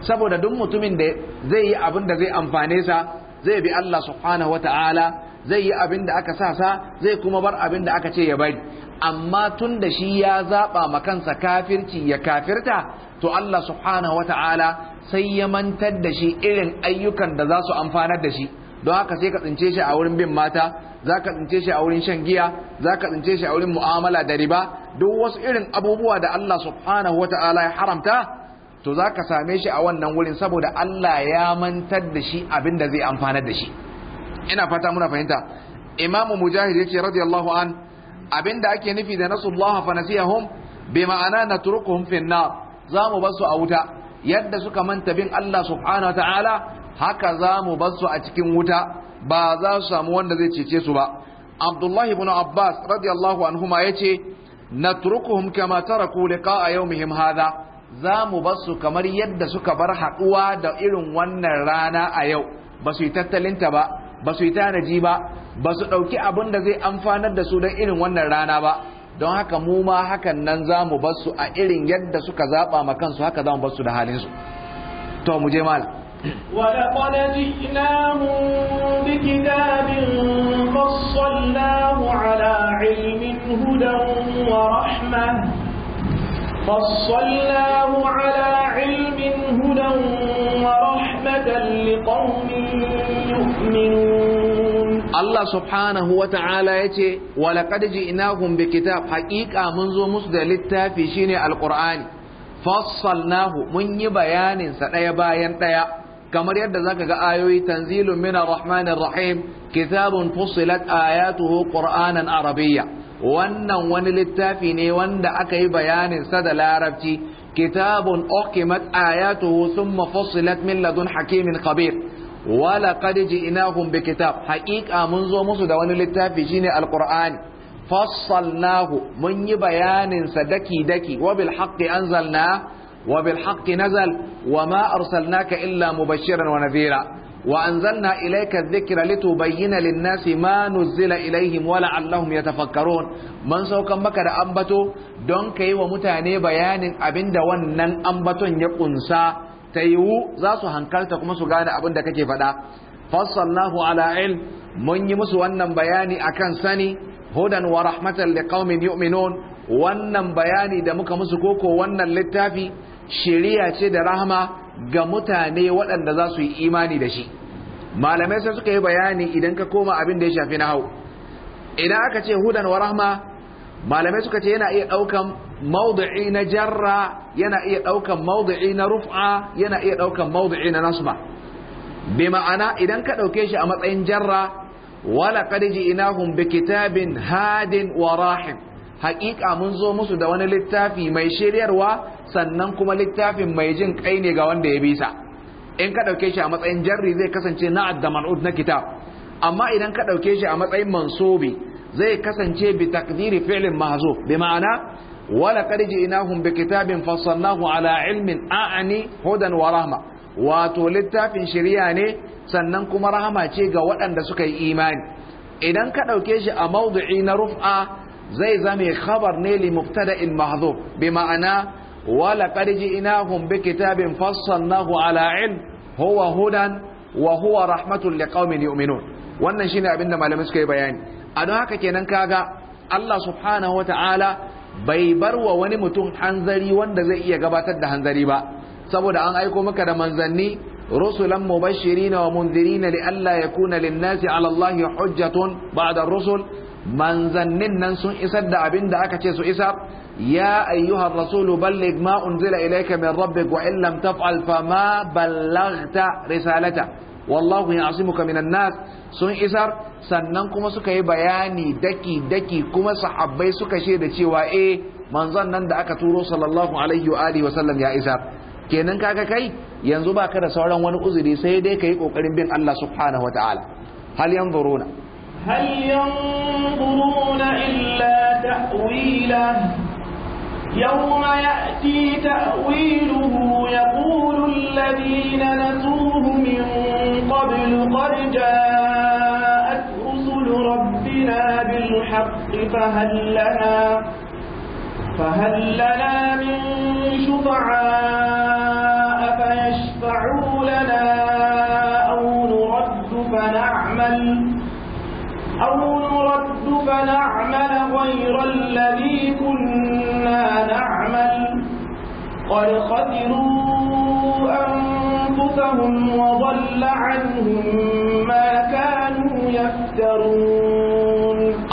saboda duk mutumin da zai yi abinda zai amfane sa zai bi Allah subhanahu wata'ala zai yi abinda aka sa sa zai kuma bar abinda aka ce ya bari amma tun da shi ya zaɓa kansa kafirci ya kafirta to Allah subhanahu wata'ala sai ya mantar da shi irin ayyukan da za su amfanar da shi don haka sai ka tsince shi a wurin bin mata za ka tsince shi a wurin shan giya za ka tsince shi a wurin mu'amala da riba duk wasu irin abubuwa da Allah subhanahu wa ta'ala ya haramta to za ka same shi a wannan wurin saboda Allah ya mantar da shi abin da zai amfanar da shi ina fata muna fahimta imamu mujahid yace radiyallahu an abin da ake nufi da nasullaha fa nasiyahum bi ma'ana natrukuhum fi nar za mu basu a wuta yadda suka manta bin Allah subhanahu wa ta'ala haka za mu basu a cikin wuta ba za su samu wanda zai cece su ba abdullahi ibn abbas radiyallahu anhuma yace natrukuhum kama taraku liqa'a yawmihim hadha za mu basu kamar yadda suka bar haduwa da irin wannan rana a yau ba su yi tattalinta ba ba su yi tanaji ba ba su dauki abin da zai amfanar da su don irin wannan rana ba don haka mu ma hakan nan za mu basu a irin yadda suka zaba ma kansu haka za mu basu da halin su to mu je mal. ولقد جئناهم بكتاب فصلناه على علم هدى ورحمة فصلناه على علم هدى ورحمة لقوم يؤمنون الله سبحانه وتعالى يتي ولقد جئناهم بكتاب حقيقة منذ مصدر للتافي شيني القرآن فصلناه من يبيان سنة بايا kamar yadda zaka ga ayoyi tanzilun minar rahmanir rahim kitabun fussilat ayatuhu qur'anan arabiyya wannan wani littafi ne wanda aka yi bayanin sa da larabci kitabun uqimat ayatuhu thumma fussilat min ladun hakimin khabir wala qad ji'nahum kitab? haqiqa mun zo musu da wani littafi shine alqur'ani fassalnahu mun yi bayanin sa daki daki wa bil haqqi anzalna وبالحق نزل وما أرسلناك إلا مبشرا ونذيرا وأنزلنا إليك الذكر لتبين للناس ما نزل إليهم ولعلهم يتفكرون من سوكا مكا دا أنبتو دون كي ومتاني بيان أبن دا ونن أنبتو يقنسا تيو زاسو هنكالتا كمسو غانا أبن دا كي فدا فصلناه على علم من يمسو أنن بياني أكن سني هدى ورحمة لقوم يؤمنون wannan bayani da muka musu koko wannan littafi shiriya ce da rahama ga mutane waɗanda za su yi imani da shi malamai sai suka yi bayani idan ka koma abin da ya shafi na hau idan aka ce hudan wa rahma malamai suka ce yana iya ɗaukan maudu'i na jarra yana iya ɗaukan maudu'i na rufa yana iya ɗaukan maudu'i na nasba bi ma'ana idan ka ɗauke shi a matsayin jarra wala qad ji'nahum bi kitabin hadin wa rahim haƙiƙa mun zo musu da wani littafi mai shiryarwa sannan kuma littafin mai jin kai ne ga wanda ya bi sa in ka ɗauke shi a matsayin jarri zai kasance na da man'ud na kitab amma idan ka ɗauke shi a matsayin mansubi zai kasance bi takdiri fi'lin mahzuf bi ma'ana wa laqad ji'nahum bi kitabin fassalnahu ala ilmin a'ani hudan wa rahma wato littafin shari'a ne sannan kuma rahama ce ga waɗanda suka yi imani idan ka ɗauke shi a mawdu'i na ruf'a zai zame khabar ne li mubtada'in mahdhuf bi ma'ana wala qad ji'nahum bi kitabin fassalnahu ala ilm huwa hudan wa huwa li liqaumin yu'minun wannan shine abinda malamai suka yi bayani a don haka kenan kaga Allah subhanahu wata'ala bai bar wa wani mutum hanzari wanda zai iya gabatar da hanzari ba saboda an aiko maka da manzanni rusulan mubashirina wa mundirina li alla yakuna lin-nasi 'ala Allah hujjatun ba'da ar-rusul manzannin nan sun isar da abin da aka ce su isa ya ayyuhar rasulu ballig ma unzila ilayka min rabbik wa in lam taf'al fa ma ballaghta risalata wallahu ya'simuka minan nas sun isar sannan kuma suka yi bayani daki daki kuma sahabbai suka da cewa eh manzon nan da aka turo sallallahu alaihi wa alihi wa sallam ya isar kenan kaga kai yanzu baka da sauran wani uzuri sai dai kai kokarin bin Allah subhanahu wa ta'ala hal yanzuruna هل ينظرون إلا تأويله يوم يأتي تأويله يقول الذين نسوه من قبل قد جاءت رسل ربنا بالحق فهل لنا فهل لنا من شفعاء فيشفعوا لنا أو نرد فنعمل أو نرد فنعمل غير الذي كنا نعمل قد خسروا أنفسهم وضل عنهم ما كانوا يفترون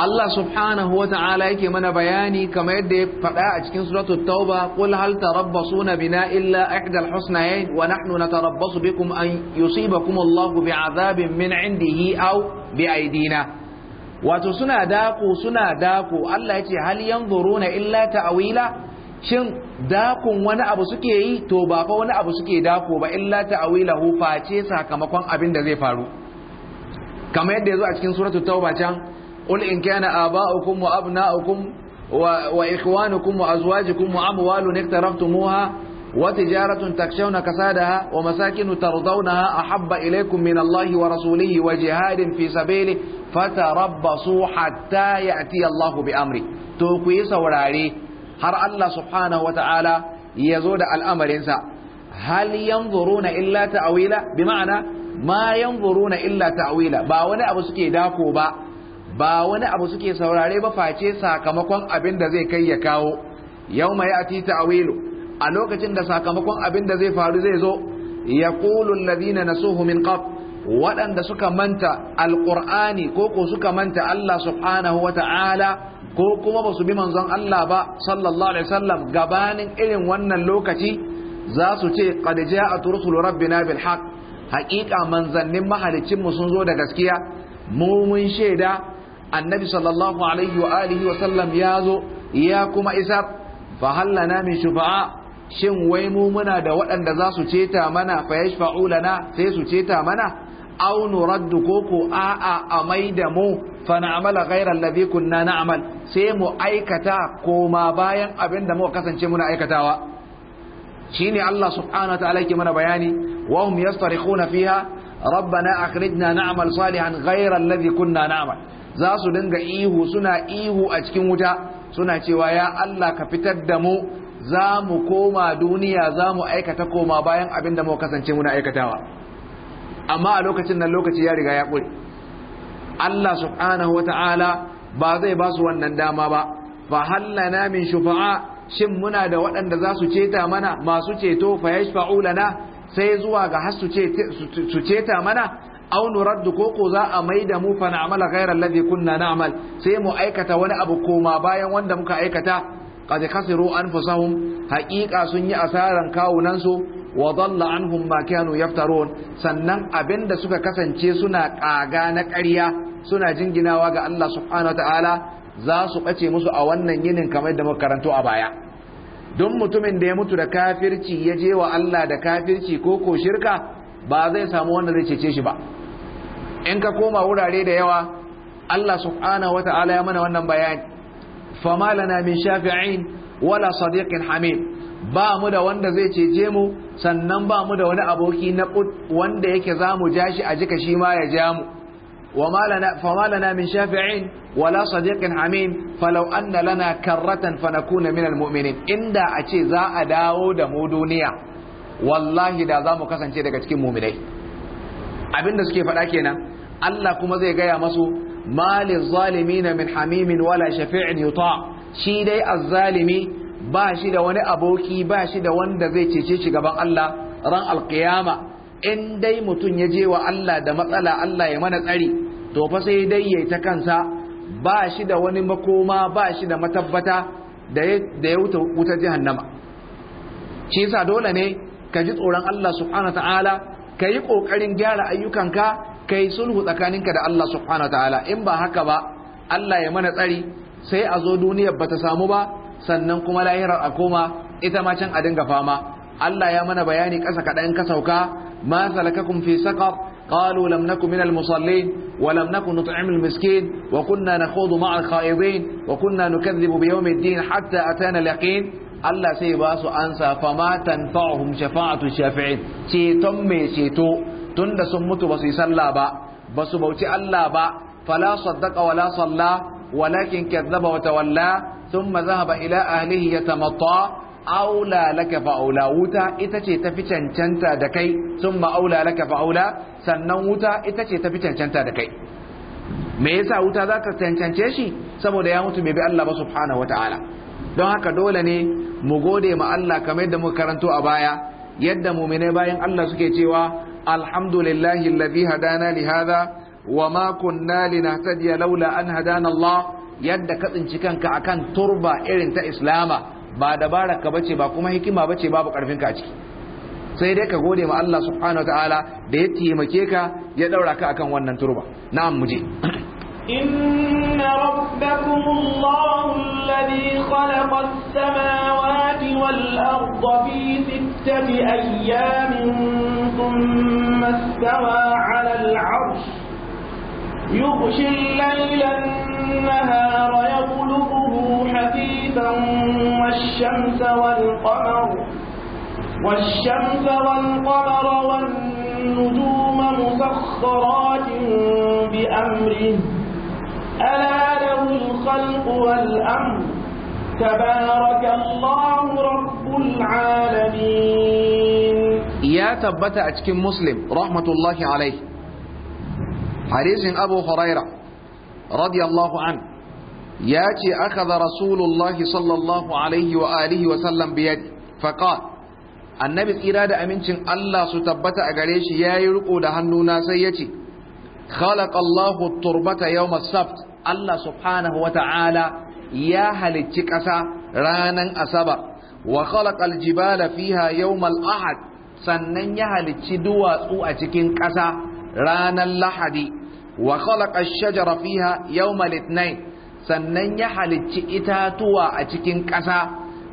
الله سبحانه وتعالى يكي من بياني كما يدي فقاء اتكين سورة التوبة قل هل تربصون بنا إلا إحدى الحسنين ونحن نتربص بكم أن يصيبكم الله بعذاب من عنده أو بأيدينا wato suna dako suna dako Allah ya ce hal yanzuruna illa ta'wila shin dakon wani abu suke yi to ba fa wani abu suke dako ba illa ta'wilahu face sakamakon abin da zai faru kamar yadda yazo a cikin suratul tauba can qul in kana aba'ukum wa abna'ukum wa ikhwanukum wa azwajukum wa amwalun iktaraftumuha وتجارة تخشون كسادها ومساكن ترضونها أحب إليكم من الله ورسوله وجهاد في سبيله فتربصوا حتى يأتي الله بأمره توقي سوراري هر الله سبحانه وتعالى يزود الأمر إنسا هل ينظرون إلا تأويلا بمعنى ما ينظرون إلا تأويلا باونا أبو سكي داكو با باونا أبو سكي سوراري بفاتي ساكمكم أبن دزي كي يكاو يوم يأتي تأويله a lokacin da sakamakon abin da zai faru zai zo yaqulu alladhina nasuhu min qabl waɗanda suka manta alƙur'ani ko ko suka manta Allah subhanahu wa ta'ala ko kuma ba su bi manzon Allah ba sallallahu alaihi wasallam gabanin irin wannan lokaci za su ce qad ja'at rusul rabbina bil haqq haƙiƙa manzannin mahalicin mu sun zo da gaskiya mu mun shaida annabi sallallahu alaihi wa alihi wa sallam ya zo ya kuma isar fa hallana min shufa'a shin wai mu muna da waɗanda za su ceta mana fa yashfa'u lana sai su ceta mana aw nuraddu koko a'a a mai da mu fa na'mala ghayra alladhi kunna na'mal sai mu aikata koma bayan abin da muka kasance muna aikatawa shine Allah subhanahu wa ta'ala yake mana bayani wa hum yastarikhuna fiha rabbana akhrijna na'mal salihan ghayra alladhi kunna na'mal za su dinga ihu suna ihu a cikin wuta suna cewa ya Allah ka fitar da mu za mu koma duniya za mu aikata koma bayan abin da mu kasance muna aikatawa amma a lokacin nan lokaci ya riga ya ƙuri Allah subhanahu wa ta'ala ba zai ba su wannan dama ba fa hallana min shufa'a shin muna da waɗanda za su ceta mana masu ceto fa yashfa'u lana sai zuwa ga har su ceta mana aw nuraddu ko za a maida mu fa na'mala ghayra alladhi kunna na'mal sai mu aikata wani abu koma bayan wanda muka aikata qad khasiru anfusahum haqiqa sun yi asaran kawunan su wa dhalla anhum ma kanu yaftarun sannan abinda suka kasance suna kaga na ƙarya suna jinginawa ga Allah subhanahu ta'ala za su bace musu a wannan yinin kamar da muka a baya don mutumin da ya mutu da kafirci ya je wa Allah da kafirci ko ko shirka ba zai samu wanda zai cece shi ba in ka koma wurare da yawa Allah subhanahu wataala ya mana wannan bayani فما لنا من شافعين ولا صديق حميد ba mu da wanda zai cece mu sannan ba mu da wani aboki na kut wanda yake za mu ja shi shi ma ya ja mu wa ma lana min shafi'in wa la sadiqin amin falau lana karratan fa nakuna min almu'minin inda a ce za a dawo da mu duniya wallahi da za mu kasance daga cikin mu'minai abinda suke faɗa kenan Allah kuma zai gaya masu ma na min hamimin wala shafi'in yuta shi dai azzalimi ba shi da wani aboki ba shi da wanda zai cece shi gaban Allah ran alkiyama in dai mutum ya je wa Allah da matsala Allah ya mana tsari to fa sai dai yayi ta kansa ba shi da wani makoma ba shi da matabbata da ya wuta wuta jahannama shi yasa dole ne ka ji tsoron Allah subhanahu ta'ala ka yi ƙoƙarin gyara ayyukanka kai sulhu tsakaninka da Allah subhanahu ta'ala in ba haka ba Allah ya mana tsari sai a zo duniyar bata samu ba sannan kuma lahirar a koma ita ma can a dinga fama Allah ya mana bayani kasa kaɗan ka sauka ma salakakum fi saqar qalu lam nakum min al musallin wa lam nakum nut'imul wa kunna nakhudu ma al khaibin wa kunna nukadzibu bi yawmi din hatta atana al Allah sai ba su ansa fama tanfa'uhum shafa'atu shafi'in ceton mai ceto tunda sun mutu ba su yi sallah ba ba su bauci Allah ba fala saddaqa wala salla walakin kadzaba wa tawalla thumma zahaba ila ahlihi yatamatta aula laka fa'aula wuta ita ce tafi cancanta da kai thumma aula laka fa'aula sannan wuta ita ce tafi cancanta da kai me yasa wuta zaka cancance shi saboda ya mutu bai bi Allah ba subhanahu wataala don haka dole ne mu gode ma Allah kamar yadda muka karanto a baya yadda muminai bayan Allah suke cewa الحمد لله الذي هدانا لهذا وما كنا لنهتدي لولا أن هدانا الله yadda ka tsinci kanka akan turba irin ta islama ba dabara ka bace ba kuma hikima bace babu karfin ka a ciki sai dai ka gode ma Allah subhanahu wataala da ya taimake ka ya daura ka akan wannan turba na'am muje إن ربكم الله الذي خلق السماوات والأرض في ستة أيام ثم استوى على العرش يغشي الليل النهار يطلبه حثيثا والشمس والقمر والشمس والقمر والنجوم مسخرات بأمره ألا له الخلق والأمر تبارك الله رب العالمين يا تبت أتكم مسلم رحمة الله عليه حديث أبو هريرة رضي الله عنه ياتي أخذ رسول الله صلى الله عليه وآله وسلم بيدي فقال annabi tsira da amincin Allah su tabbata a gare shi ya yi riko da hannuna sai ya ce khalaqallahu turbata yawm as-sabt Allah subhanahu wata'ala ya halicci ƙasa ranan asabar wa khalaqal jibala fiha yawmal ahad sannan ya halicci duwatsu a cikin ƙasa ranan lahadi wa khalaqa ash-shajara fiha yawmal ithnain sannan ya halicci itatuwa a cikin ƙasa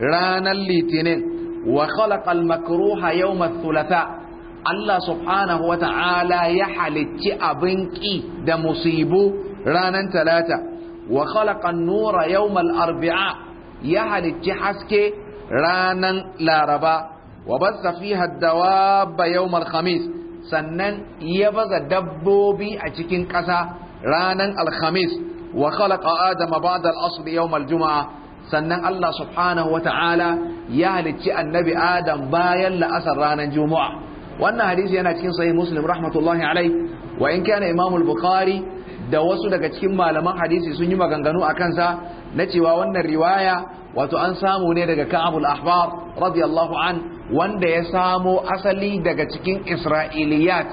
ranar litinin wa khalaqal makruha yawmal thulatha Allah subhanahu wata'ala ya halicci abin ƙi da musibu ranar talata wa khalaqan nura yawmal arbi'a ya halicci haske ranar laraba wa basta fiha dawaba yawmal khamis sannan ya baza dabbobi a cikin ƙasa ranar alkhamis wa khalaqa adama ba'da al-asr yawmal juma'a sannan Allah subhanahu wa ta'ala ya halicci annabi Adam bayan la'asar ranar Juma'a. Wannan hadisi yana cikin sahih Muslim rahmatullahi alai wa in kana imamul al-Bukhari da wasu daga cikin malaman hadisi sun yi maganganu a kansa na cewa wannan riwaya wato an samu ne daga ka'abul ahbar radiyallahu an wanda ya samo asali daga cikin isra'iliyat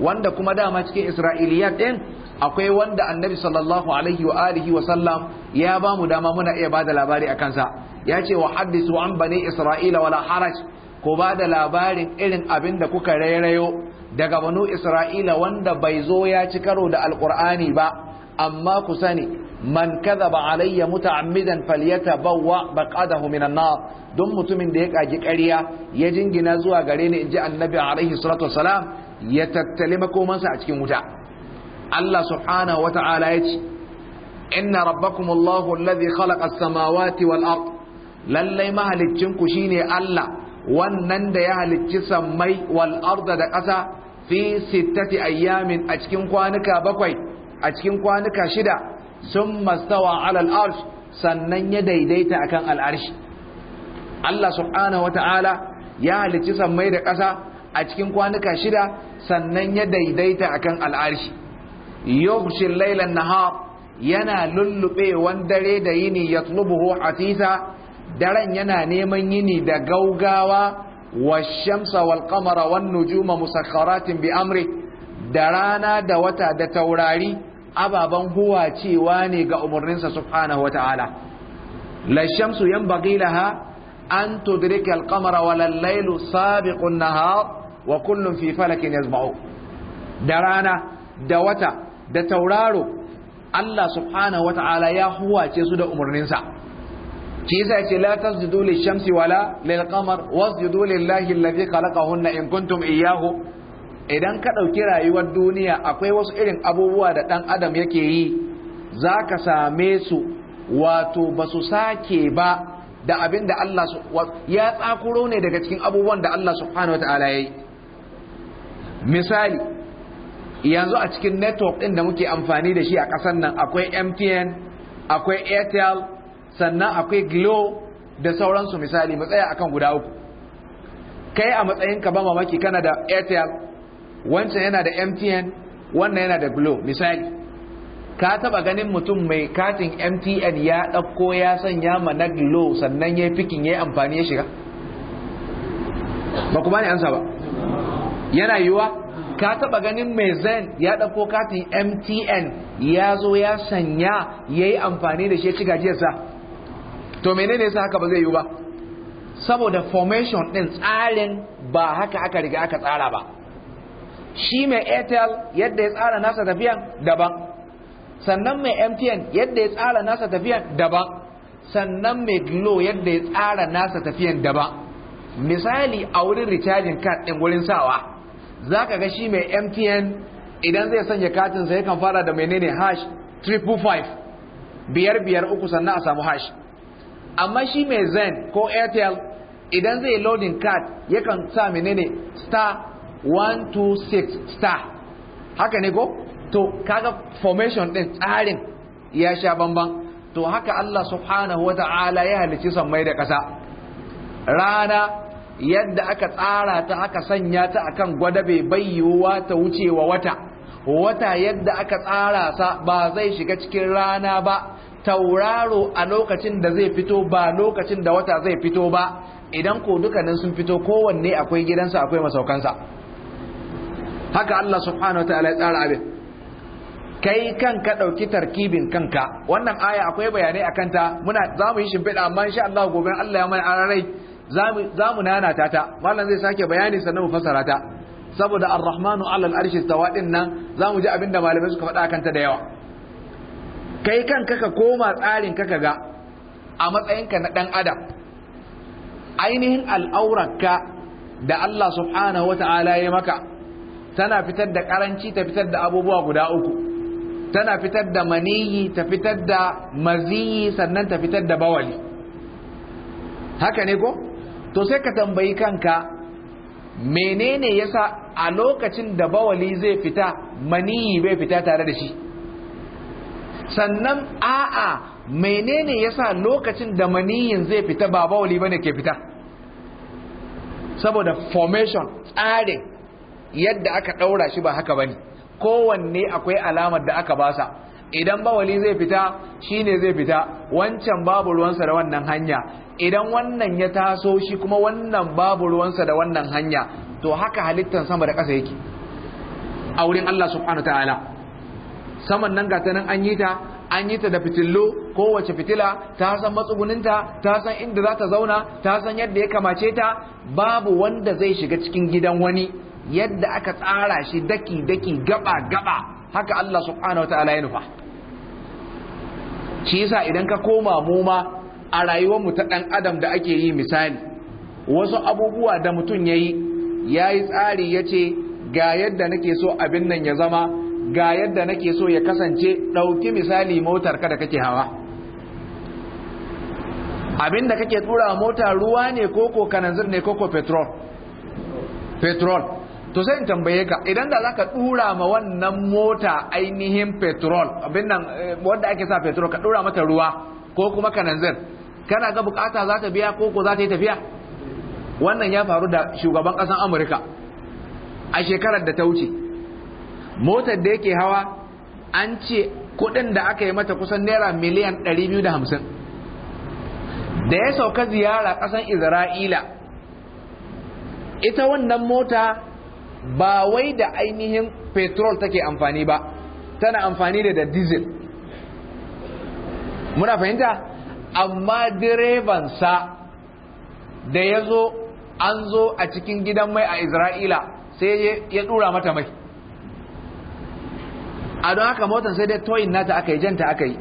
wanda kuma dama cikin isra'iliyat din akwai wanda annabi sallallahu alaihi wa alihi wa sallam ya ba mu dama muna iya bada labari a kansa ya ce wa haddisu an bani isra'ila wala haraj ko ba da labarin irin abin da kuka rairayo daga banu isra'ila wanda bai zo ya ci karo da alkur'ani ba amma ku sani man ba alayya muta'ammidan falyatabawwa baqadahu minan nar don mutumin da ya kaji ƙarya ya jingina zuwa gare ni inji annabi alaihi salatu wasalam ya tattali makomansa a cikin wuta Allah subhanahu wata'ala ya ce inna rabbakum Allahu alladhi khalaqa as-samawati wal ard lallai mahaliccin ku shine Allah wannan da ya halicci sammai wal arda da ƙasa fi sittati ayyamin a cikin kwanuka bakwai a cikin kwanuka shida sun mastawa alal arsh sannan ya daidaita akan al'arshi Allah subhanahu wata'ala ya halicci sammai da ƙasa a cikin kwanuka shida sannan ya daidaita akan al'arshi yughshil lailan nahar yana lullube dare da yini yatlubuhu atisa daren yana neman yini da gaugawa wasyamsa wal qamara wan nujuma musakharatin bi amri da rana da wata da taurari ababan huwa cewa ne ga umurninsa subhanahu wa ta'ala la shamsu yanbaghi laha an tudrika al qamara wal laylu sabiqun nahar wa kullum fi falakin yazma'u da rana da wata da tauraro Allah subhanahu wa ta'ala ya huwace su da umarninsa. shi yasa yace la tasjudu lish-shamsi wala lil-qamar wasjudu lillahi alladhi khalaqahunna in kuntum iyyahu idan ka ɗauki rayuwar duniya akwai wasu irin abubuwa da ɗan adam yake yi zaka same su wato ba su sake ba da abin da Allah ya tsakuro ne daga cikin abubuwan da Allah subhanahu wataala yayi misali yanzu a cikin network ɗin da muke amfani da shi a ƙasar nan akwai MTN akwai Airtel sannan akwai glo da sauransu misali matsaya akan guda uku kai a matsayin ka ba mamaki kana da airtel wancan yana da mtn wannan yana da glo misali ka taba ganin mutum mai katin mtn ya ɗauko ya sanya ma na glo sannan ya fikin ya amfani ya shiga ba kuma ne ansa ba yana yiwuwa ka taba ganin mai zen ya ɗauko katin mtn ya zo ya sanya ya yi amfani da shi ya ci gajiyarsa to menene sa haka ba zai yi ba saboda formation din tsarin ba haka aka riga aka tsara ba shi mai airtel yadda ya tsara nasa tafiyan daban sannan mai mtn yadda ya tsara nasa tafiyan daban sannan mai glo yadda ya tsara nasa tafiyan daban misali a wurin recharging card din wurin sawa za ka ga shi mai mtn idan zai sanya katinsa yakan fara da menene hash 555 biyar biyar uku sannan a samu hash amma shi mai zen ko airtel idan zai loading card yakan sa menene star 126 star haka ne ko to kaga formation din tsarin ya sha bamban to haka Allah subhanahu wa ta'ala ya halicci sammai da ƙasa rana yadda aka tsara ta aka sanya ta akan gwada bai bayyuwa ta wucewa wata wata yadda aka tsara sa ba zai shiga cikin rana ba tauraro a lokacin da zai fito ba lokacin da wata zai fito ba idan ko dukkanin sun fito kowanne akwai gidansa akwai masaukansa haka Allah subhanahu wataala ya tsara abin kai kanka dauki tarkibin kanka wannan aya akwai bayanai akan ta muna zamu yi shimfiɗa amma insha Allah gobe Allah ya mai ararai zamu zamu nanata ta mallan zai sake bayani sannan mu fassara ta saboda arrahmanu rahmanu al-arshi tawadin nan mu ji abinda malamai suka faɗa akan ta da yawa kai kanka ka koma tsarin ka ga a matsayinka na ɗan adam ainihin al'aurarka da Allah subhanahu Ta'ala ya maka tana fitar da karanci ta fitar da abubuwa guda uku tana fitar da maniyi ta fitar da maziyi sannan ta fitar da bawali haka ne ko to sai ka tambayi kanka menene yasa a lokacin da bawali zai fita maniyi bai fita tare da shi sannan a'a menene yasa lokacin da maniyin zai fita ba bawali bane ke fita saboda formation tsare yadda aka ɗaura shi ba haka bane kowanne akwai alamar da aka basa idan bawali zai fita shine zai fita wancan babu ruwansa da wannan hanya idan wannan ya taso shi kuma wannan babu ruwansa da wannan hanya to haka halittar sama da ƙasa yake a wurin Allah subhanahu ta'ala saman nan gata nan an yi ta an yi ta da fitillo kowace fitila ta san matsuguninta ta san inda za ta zauna ta san yadda ya kamace ta babu wanda zai shiga cikin gidan wani yadda aka tsara shi daki daki gaba gaba haka Allah subhanahu Ta'ala ya nufa shi yasa idan ka koma mu ma a rayuwar mu ta dan adam da ake yi misali wasu abubuwa da mutum yayi yayi tsari yace ga yadda nake so abin nan ya zama ga yadda nake so ya kasance ɗauki misali motar ka da kake hawa abinda kake tura mota ruwa ne koko kananzir ne koko petrol petrol to sai in tambaye ka idan da zaka tura ma wannan mota ainihin petrol abin nan eh, wanda ake sa petrol ka dura mata ruwa ko kuma kananzir kana ga bukata za ta biya koko za ta yi tafiya wannan ya faru da shugaban kasan amurka a shekarar da ta wuce motar da yake hawa an ce kudin da aka yi mata kusan naira miliyan 250 da ya sauka ziyara kasan isra'ila ita wannan mota ba wai da ainihin petrol take amfani ba tana amfani da diesel muna fahimta amma direbansa da ya zo an zo a cikin gidan mai a isra'ila sai ya dura mata mai a don haka motar sai dai toyin nata aka yi janta aka yi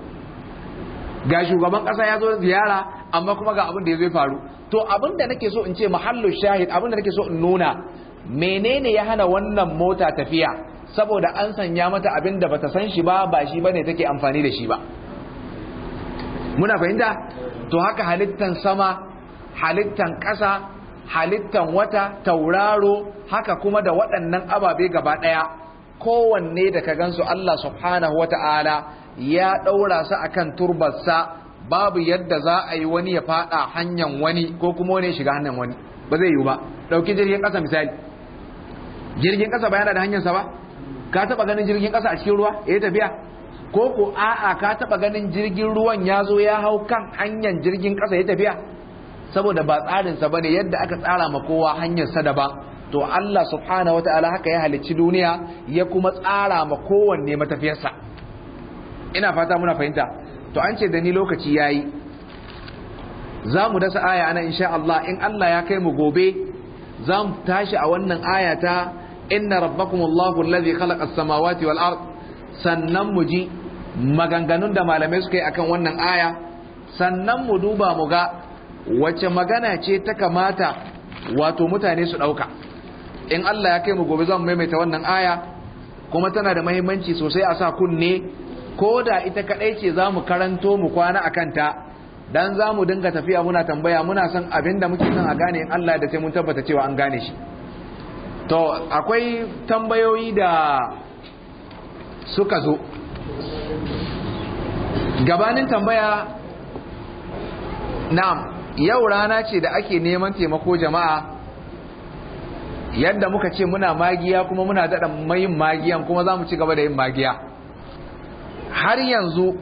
ga shugaban kasa ya zo ziyara amma kuma ga abin da ya zai faru to abin da nake so in ce mahallu shahid abin da nake so in nuna menene ya hana wannan mota tafiya saboda an sanya mata abin da bata san shi ba ba shi ne take amfani da shi ba muna fahimta to haka halittan sama halittan kasa halittan wata tauraro haka kuma da waɗannan ababe gaba ɗaya kowanne da ka gansu Allah subhanahu wata'ala ya ɗaura su akan turbarsa babu yadda za a yi wani ya faɗa hanyar wani ko kuma wani ya shiga hannun wani ba zai yiwu ba ɗauki jirgin ƙasa misali jirgin ƙasa ba yana da hanyarsa ba ka taɓa ganin jirgin ƙasa a cikin ruwa ya eh, yi tafiya ko ko a'a ka taɓa ganin jirgin ruwan ya zo ya hau kan hanyar jirgin ƙasa ya eh, tafiya saboda ba tsarinsa ba ne yadda aka tsara ma kowa hanyarsa da ba to Allah subhanahu wataala haka ya halicci duniya ya kuma tsara ma kowanne matafiyarsa ina fata muna fahimta to an ce da ni lokaci yayi za mu dasa aya ana insha Allah in Allah ya kai mu gobe za mu tashi a wannan aya ta inna rabbakumullahu alladhi khalaqa as-samawati wal ard sannan mu ji maganganun da malamai suka yi akan wannan aya sannan mu duba mu ga wacce magana ce ta kamata wato mutane su ɗauka in Allah ya kai mu gobe zan maimaita wannan aya kuma tana da mahimmanci sosai a sa kunne ko da ita kadai ce za mu karanto mu kwana a kanta dan za mu dinga tafiya muna tambaya muna son abin da muke son a gane in Allah da sai mun tabbata cewa an gane shi to akwai tambayoyi da suka zo gabanin tambaya na'am yau rana ce da ake neman taimako jama'a yadda muka ce muna magiya kuma muna daɗa mayin magiyan kuma za mu ci gaba da yin magiya har yanzu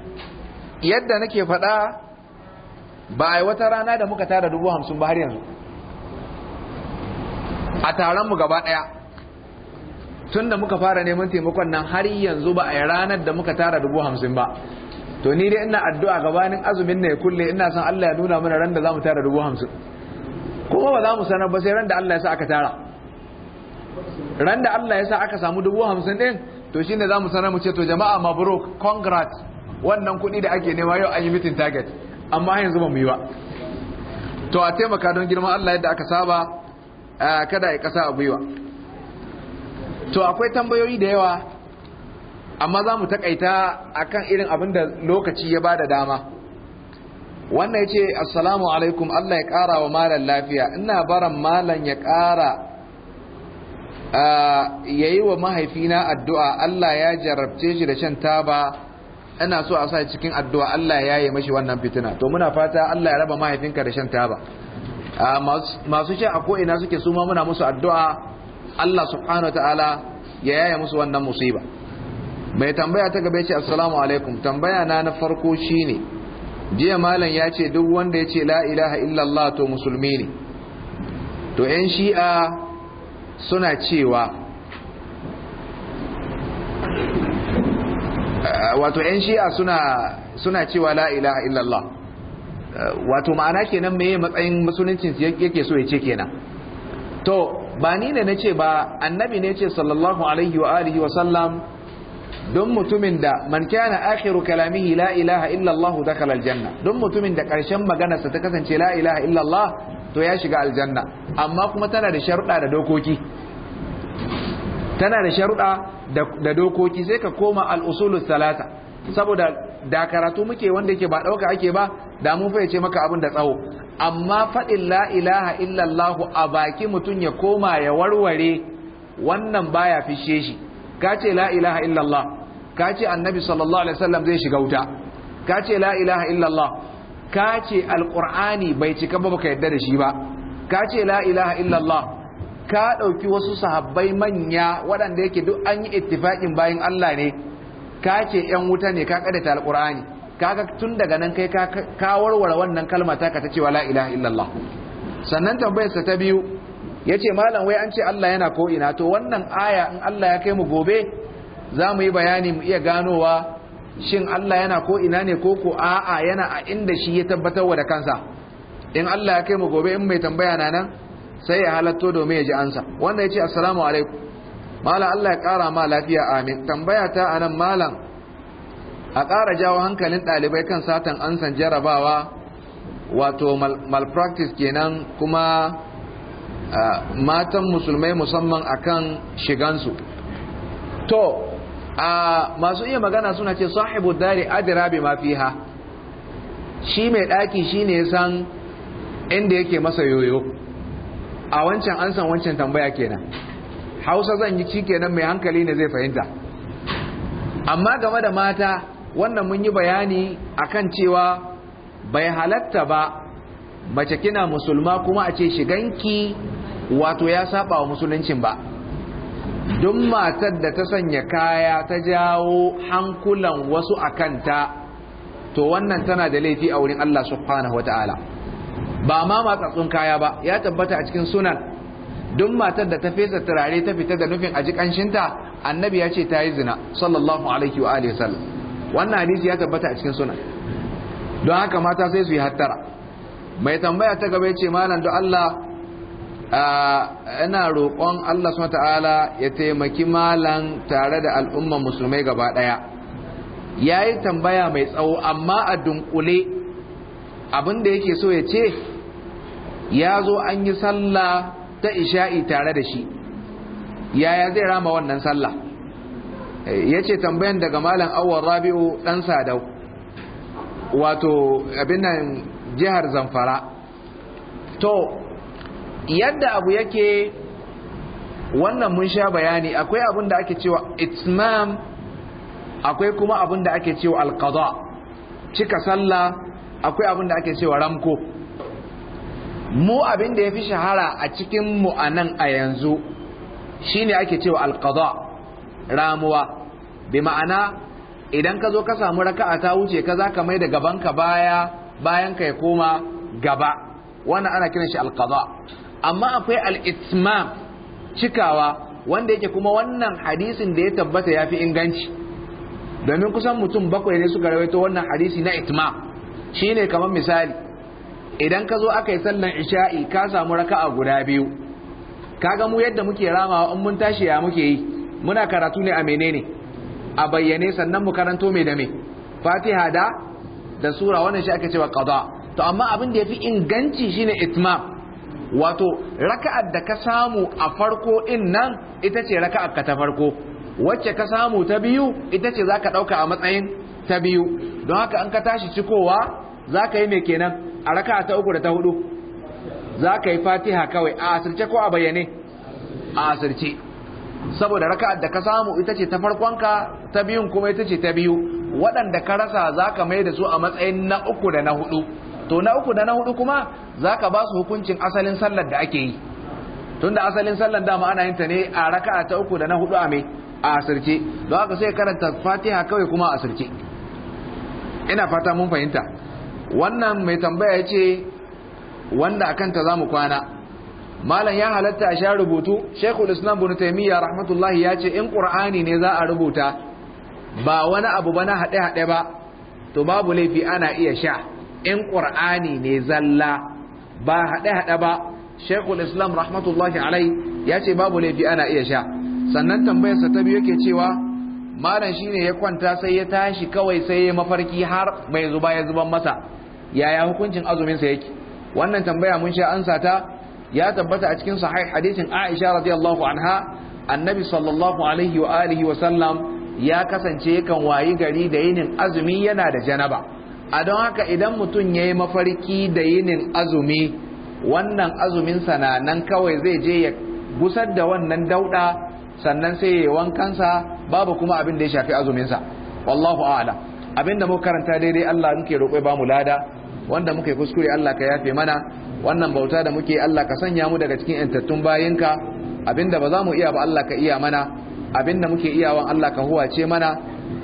yadda nake faɗa ba a wata rana da muka tara dubu hamsin ba har yanzu a taronmu gaba ɗaya tun da muka fara neman taimakon nan har yanzu ba a yi ranar da muka tara dubu hamsin ba to ni dai ina addu'a gabanin azumin ne kulle ina son Allah ya nuna mana ran da za mu tara dubu hamsin kuma ba za mu sanar ba sai ran da Allah ya sa aka tara ran da Allah ya sa aka samu dubu hamsin ɗin, to shi ne za mu sanar mu ce to jama'a buro, congrats wannan kuɗi da ake nema yau an yi mitin target amma yanzu ba mu yi ba to a taimaka don girman Allah yadda aka saba kada ya kasa a gwiwa to akwai tambayoyi da yawa amma za mu takaita akan irin abin da lokaci ya ba da dama wannan ya ce assalamu alaikum Allah ya kara wa malam lafiya ina baran malam ya ƙara yayi wa mahaifina addu'a Allah ya jarabce shi da shan taba ina so a sa cikin addu'a Allah ya yi mashi wannan fitina to muna fata Allah ya raba mahaifinka da shan taba masu shi a ko'ina suke suma muna musu addu'a Allah subhanahu ta'ala ya yaya musu wannan musiba mai tambaya ta gaba ya ce assalamu alaikum tambaya na na farko shine jiya malam ya ce duk wanda ya ce la ilaha illallah to musulmi ne to 'yan shi'a suna cewa wato 'yan shi'a suna cewa la ilaha illallah wato ma'ana kenan meye matsayin musuluncin yake so ya ce kenan to ba ni ne na ce ba annabi ne ce sallallahu alaihi wa alihi wa sallam don mutumin da man kana akhiru kalamihi la ilaha illallah Allah dakhala aljanna don mutumin da karshen maganarsa ta kasance la ilaha illallah. to ya shiga aljanna amma kuma tana da sharuɗa da dokoki tana da sharuɗa da dokoki sai ka koma al'usulun salata saboda da karatu muke wanda yake ba ɗauka ake ba da mun fa ce maka abin da tsawo amma faɗin la ilaha illallahu a baki mutum ya koma ya warware wannan baya fishe shi ka ce la ilaha illallah ka ce annabi sallallahu alaihi wasallam zai shiga wuta ka ce la ilaha illallah ka ce Alƙur'ani bai cika ba baka yadda da shi ba ka ce la ilaha illallah ka ɗauki wasu sahabbai manya waɗanda yake duk an yi ittifaƙin bayan Allah ne ka ce ‘yan wuta ne ka ƙadata alƙur'ani kaga tun daga nan kai ka warware wannan kalma ta ka ta cewa la ilaha illallah sannan tambayarsa ta biyu ya ce malam wai an ce Allah yana ko ina to wannan aya in Allah ya kai mu gobe za mu yi bayani mu iya ganowa shin Allah yana ko ina ne ko ko a'a yana a inda shi ya tabbatar da kansa in Allah ya kai mu gobe in mai tambaya na nan sai ya halatto domin ya ji ansa wanda ya ce assalamu alaikum malam Allah ya kara ma lafiya amin tambaya ta anan malam a ƙara jawo hankalin ɗalibai kan satan ansan jarabawa wato malpractice kenan kuma ah, matan musulmai musamman akan shigansu to a masu iya magana suna ce sahibu dari adira bi ma fiha shi mai daki shine san inda yake masa yoyo a wancan an san wancan tambaya kenan hausa zan yi ci kenan mai hankali ne zai fahimta amma game da mata wannan mun yi bayani akan cewa bai halatta ba mace kina musulma kuma a ce shiganki wato ya saba wa musuluncin ba duk matar da ta sanya kaya ta jawo hankulan wasu a kanta to wannan tana da laifi a wurin Allah subhanahu wataala ba ma matsatsun kaya ba ya tabbata a cikin sunan duk matar da ta fesa turare ta fita da nufin aji kanshinta annabi ya ce ta yi zina sallallahu alaihi wa alihi sallam wannan hadisi ya tabbata a cikin sunan don haka mata sai su yi hattara mai tambaya ta gaba ya ce malam don Allah ina roƙon Allah subhanahu ta'ala ya taimaki malan tare da al'umman musulmai gaba ɗaya Ya yi tambaya mai tsawo amma a dunkule Abinda da yake so ya ce ya zo an yi sallah ta isha'i tare da shi yaya zai rama wannan sallah ya ce tambayan daga malam awon rabi'u ɗan sadau wato abin nan jihar zamfara to yadda abu yake wannan mun sha bayani akwai abin da ake cewa itmam akwai kuma abin da ake cewa alqada cika sallah akwai abin da ake cewa ramko mu abin da ya fi shahara a cikin mu anan a yanzu shine ake cewa alqada ramuwa bi ma'ana idan ka zo ka samu raka'a ta wuce ka za ka mai da ka baya bayan ka ya koma gaba wannan ana kiran shi alqada amma akwai al cikawa wanda yake kuma wannan hadisin da ya tabbata ya fi inganci domin kusan mutum bakwai ne suka rawaito wannan hadisi na itma ne kamar misali idan ka zo aka yi sallan isha'i ka samu raka'a guda biyu kaga mu yadda muke ramawa in mun tashi ya muke yi muna karatu ne a menene a bayyane sannan mu karanto mai da me fatiha da da sura wannan shi aka cewa qada to amma abin da yafi inganci shine itma. wato raka'ar da ka samu a farko in nan ita ce raka'ar ka ta farko wacce ka samu ta biyu ita ce zaka dauka a matsayin ta biyu don haka an ka tashi cikowa zaka yi mai kenan a raka'a ta uku da ta hudu zaka yi Fatiha kawai a asirce ko a bayyane a asirce saboda raka'ar da ka samu ita ce ta farkonka ta biyun kuma ita ce ta biyu waɗanda ka rasa zaka mai da su a matsayin na uku da na hudu to na uku da na hudu kuma zaka ba su hukuncin asalin sallar da ake yi tunda asalin sallar dama ana yin ta ne a raka'a ta uku da na hudu a mai a asirce don haka sai karanta fatiha kawai kuma a asirce ina fata mun fahimta wannan mai tambaya ce wanda akan ta zamu kwana malam ya halatta a sha rubutu shekul islam bin taimiyya rahmatullahi ya ce in qur'ani ne za a rubuta ba wani abu ba na haɗe-haɗe ba to babu laifi ana iya sha in ƙur'ani ne zalla ba haɗe-haɗe ba shekul islam rahmatullahi alai ya ce babu laifi ana iya sha sannan tambayarsa ta biyu ke cewa malam shine ya kwanta sai ya tashi kawai sai ya mafarki har mai zuba ya zuban masa yaya hukuncin azuminsa yake wannan tambaya mun sha ansa ta ya tabbata a cikin sahih hadisin Aisha radiyallahu anha annabi sallallahu alaihi wa alihi wa sallam ya kasance yakan wayi gari da yinin azumi yana da janaba a don haka idan mutum ya yi mafarki da yinin azumi wannan azuminsa na nan kawai zai je ya gusar da wannan dauɗa sannan sai ya yi wankansa babu kuma abin da ya shafi azuminsa wallahu ala. abin da muka karanta daidai Allah muke roƙo ba mu lada wanda muke kuskure Allah ka yafe mana wannan bauta da muke Allah ka sanya mu daga cikin intattun bayinka da ba za mu iya ba Allah ka iya mana Abin da muke iyawan Allah ka huwace mana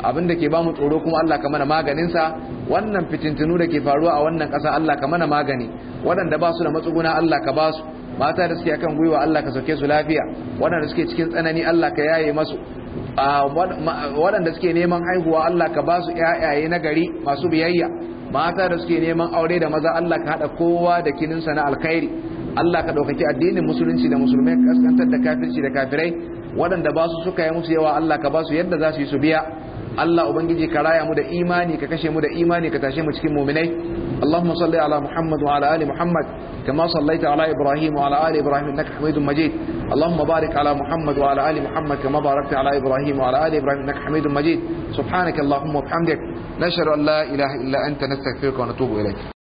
abin da ke ba mu tsoro kuma Allah ka mana maganinsa wannan fitintinu da ke faruwa a wannan ƙasa Allah ka mana magani waɗanda ba su da matsuguna Allah ka ba su mata da suke akan gwiwa Allah ka sauke su lafiya waɗanda suke cikin tsanani Allah ka yaye masu waɗanda suke neman haihuwa Allah ka ba su ƴaƴaye na gari masu biyayya mata da suke neman aure da maza Allah ka haɗa kowa da kininsa na alkhairi Allah ka ɗaukaki addinin musulunci da musulmai kaskantar da kafirci da kafirai waɗanda ba su suka yi musu yawa Allah ka ba su yadda za su yi su biya Allah ubangiji ka raya mu da imani ka kashe mu da imani ka tashe mu cikin mu'minai Allahumma salli ala Muhammad wa ala ali Muhammad kama sallaita ala Ibrahim wa ala ali Ibrahim innaka Hamidum Majid Allahumma barik ala Muhammad wa ala ali Muhammad kama barakta ala Ibrahim wa ala ali Ibrahim innaka Hamidum Majid subhanaka Allahumma wa nashhadu an la ilaha illa anta nastaghfiruka wa natubu ilayk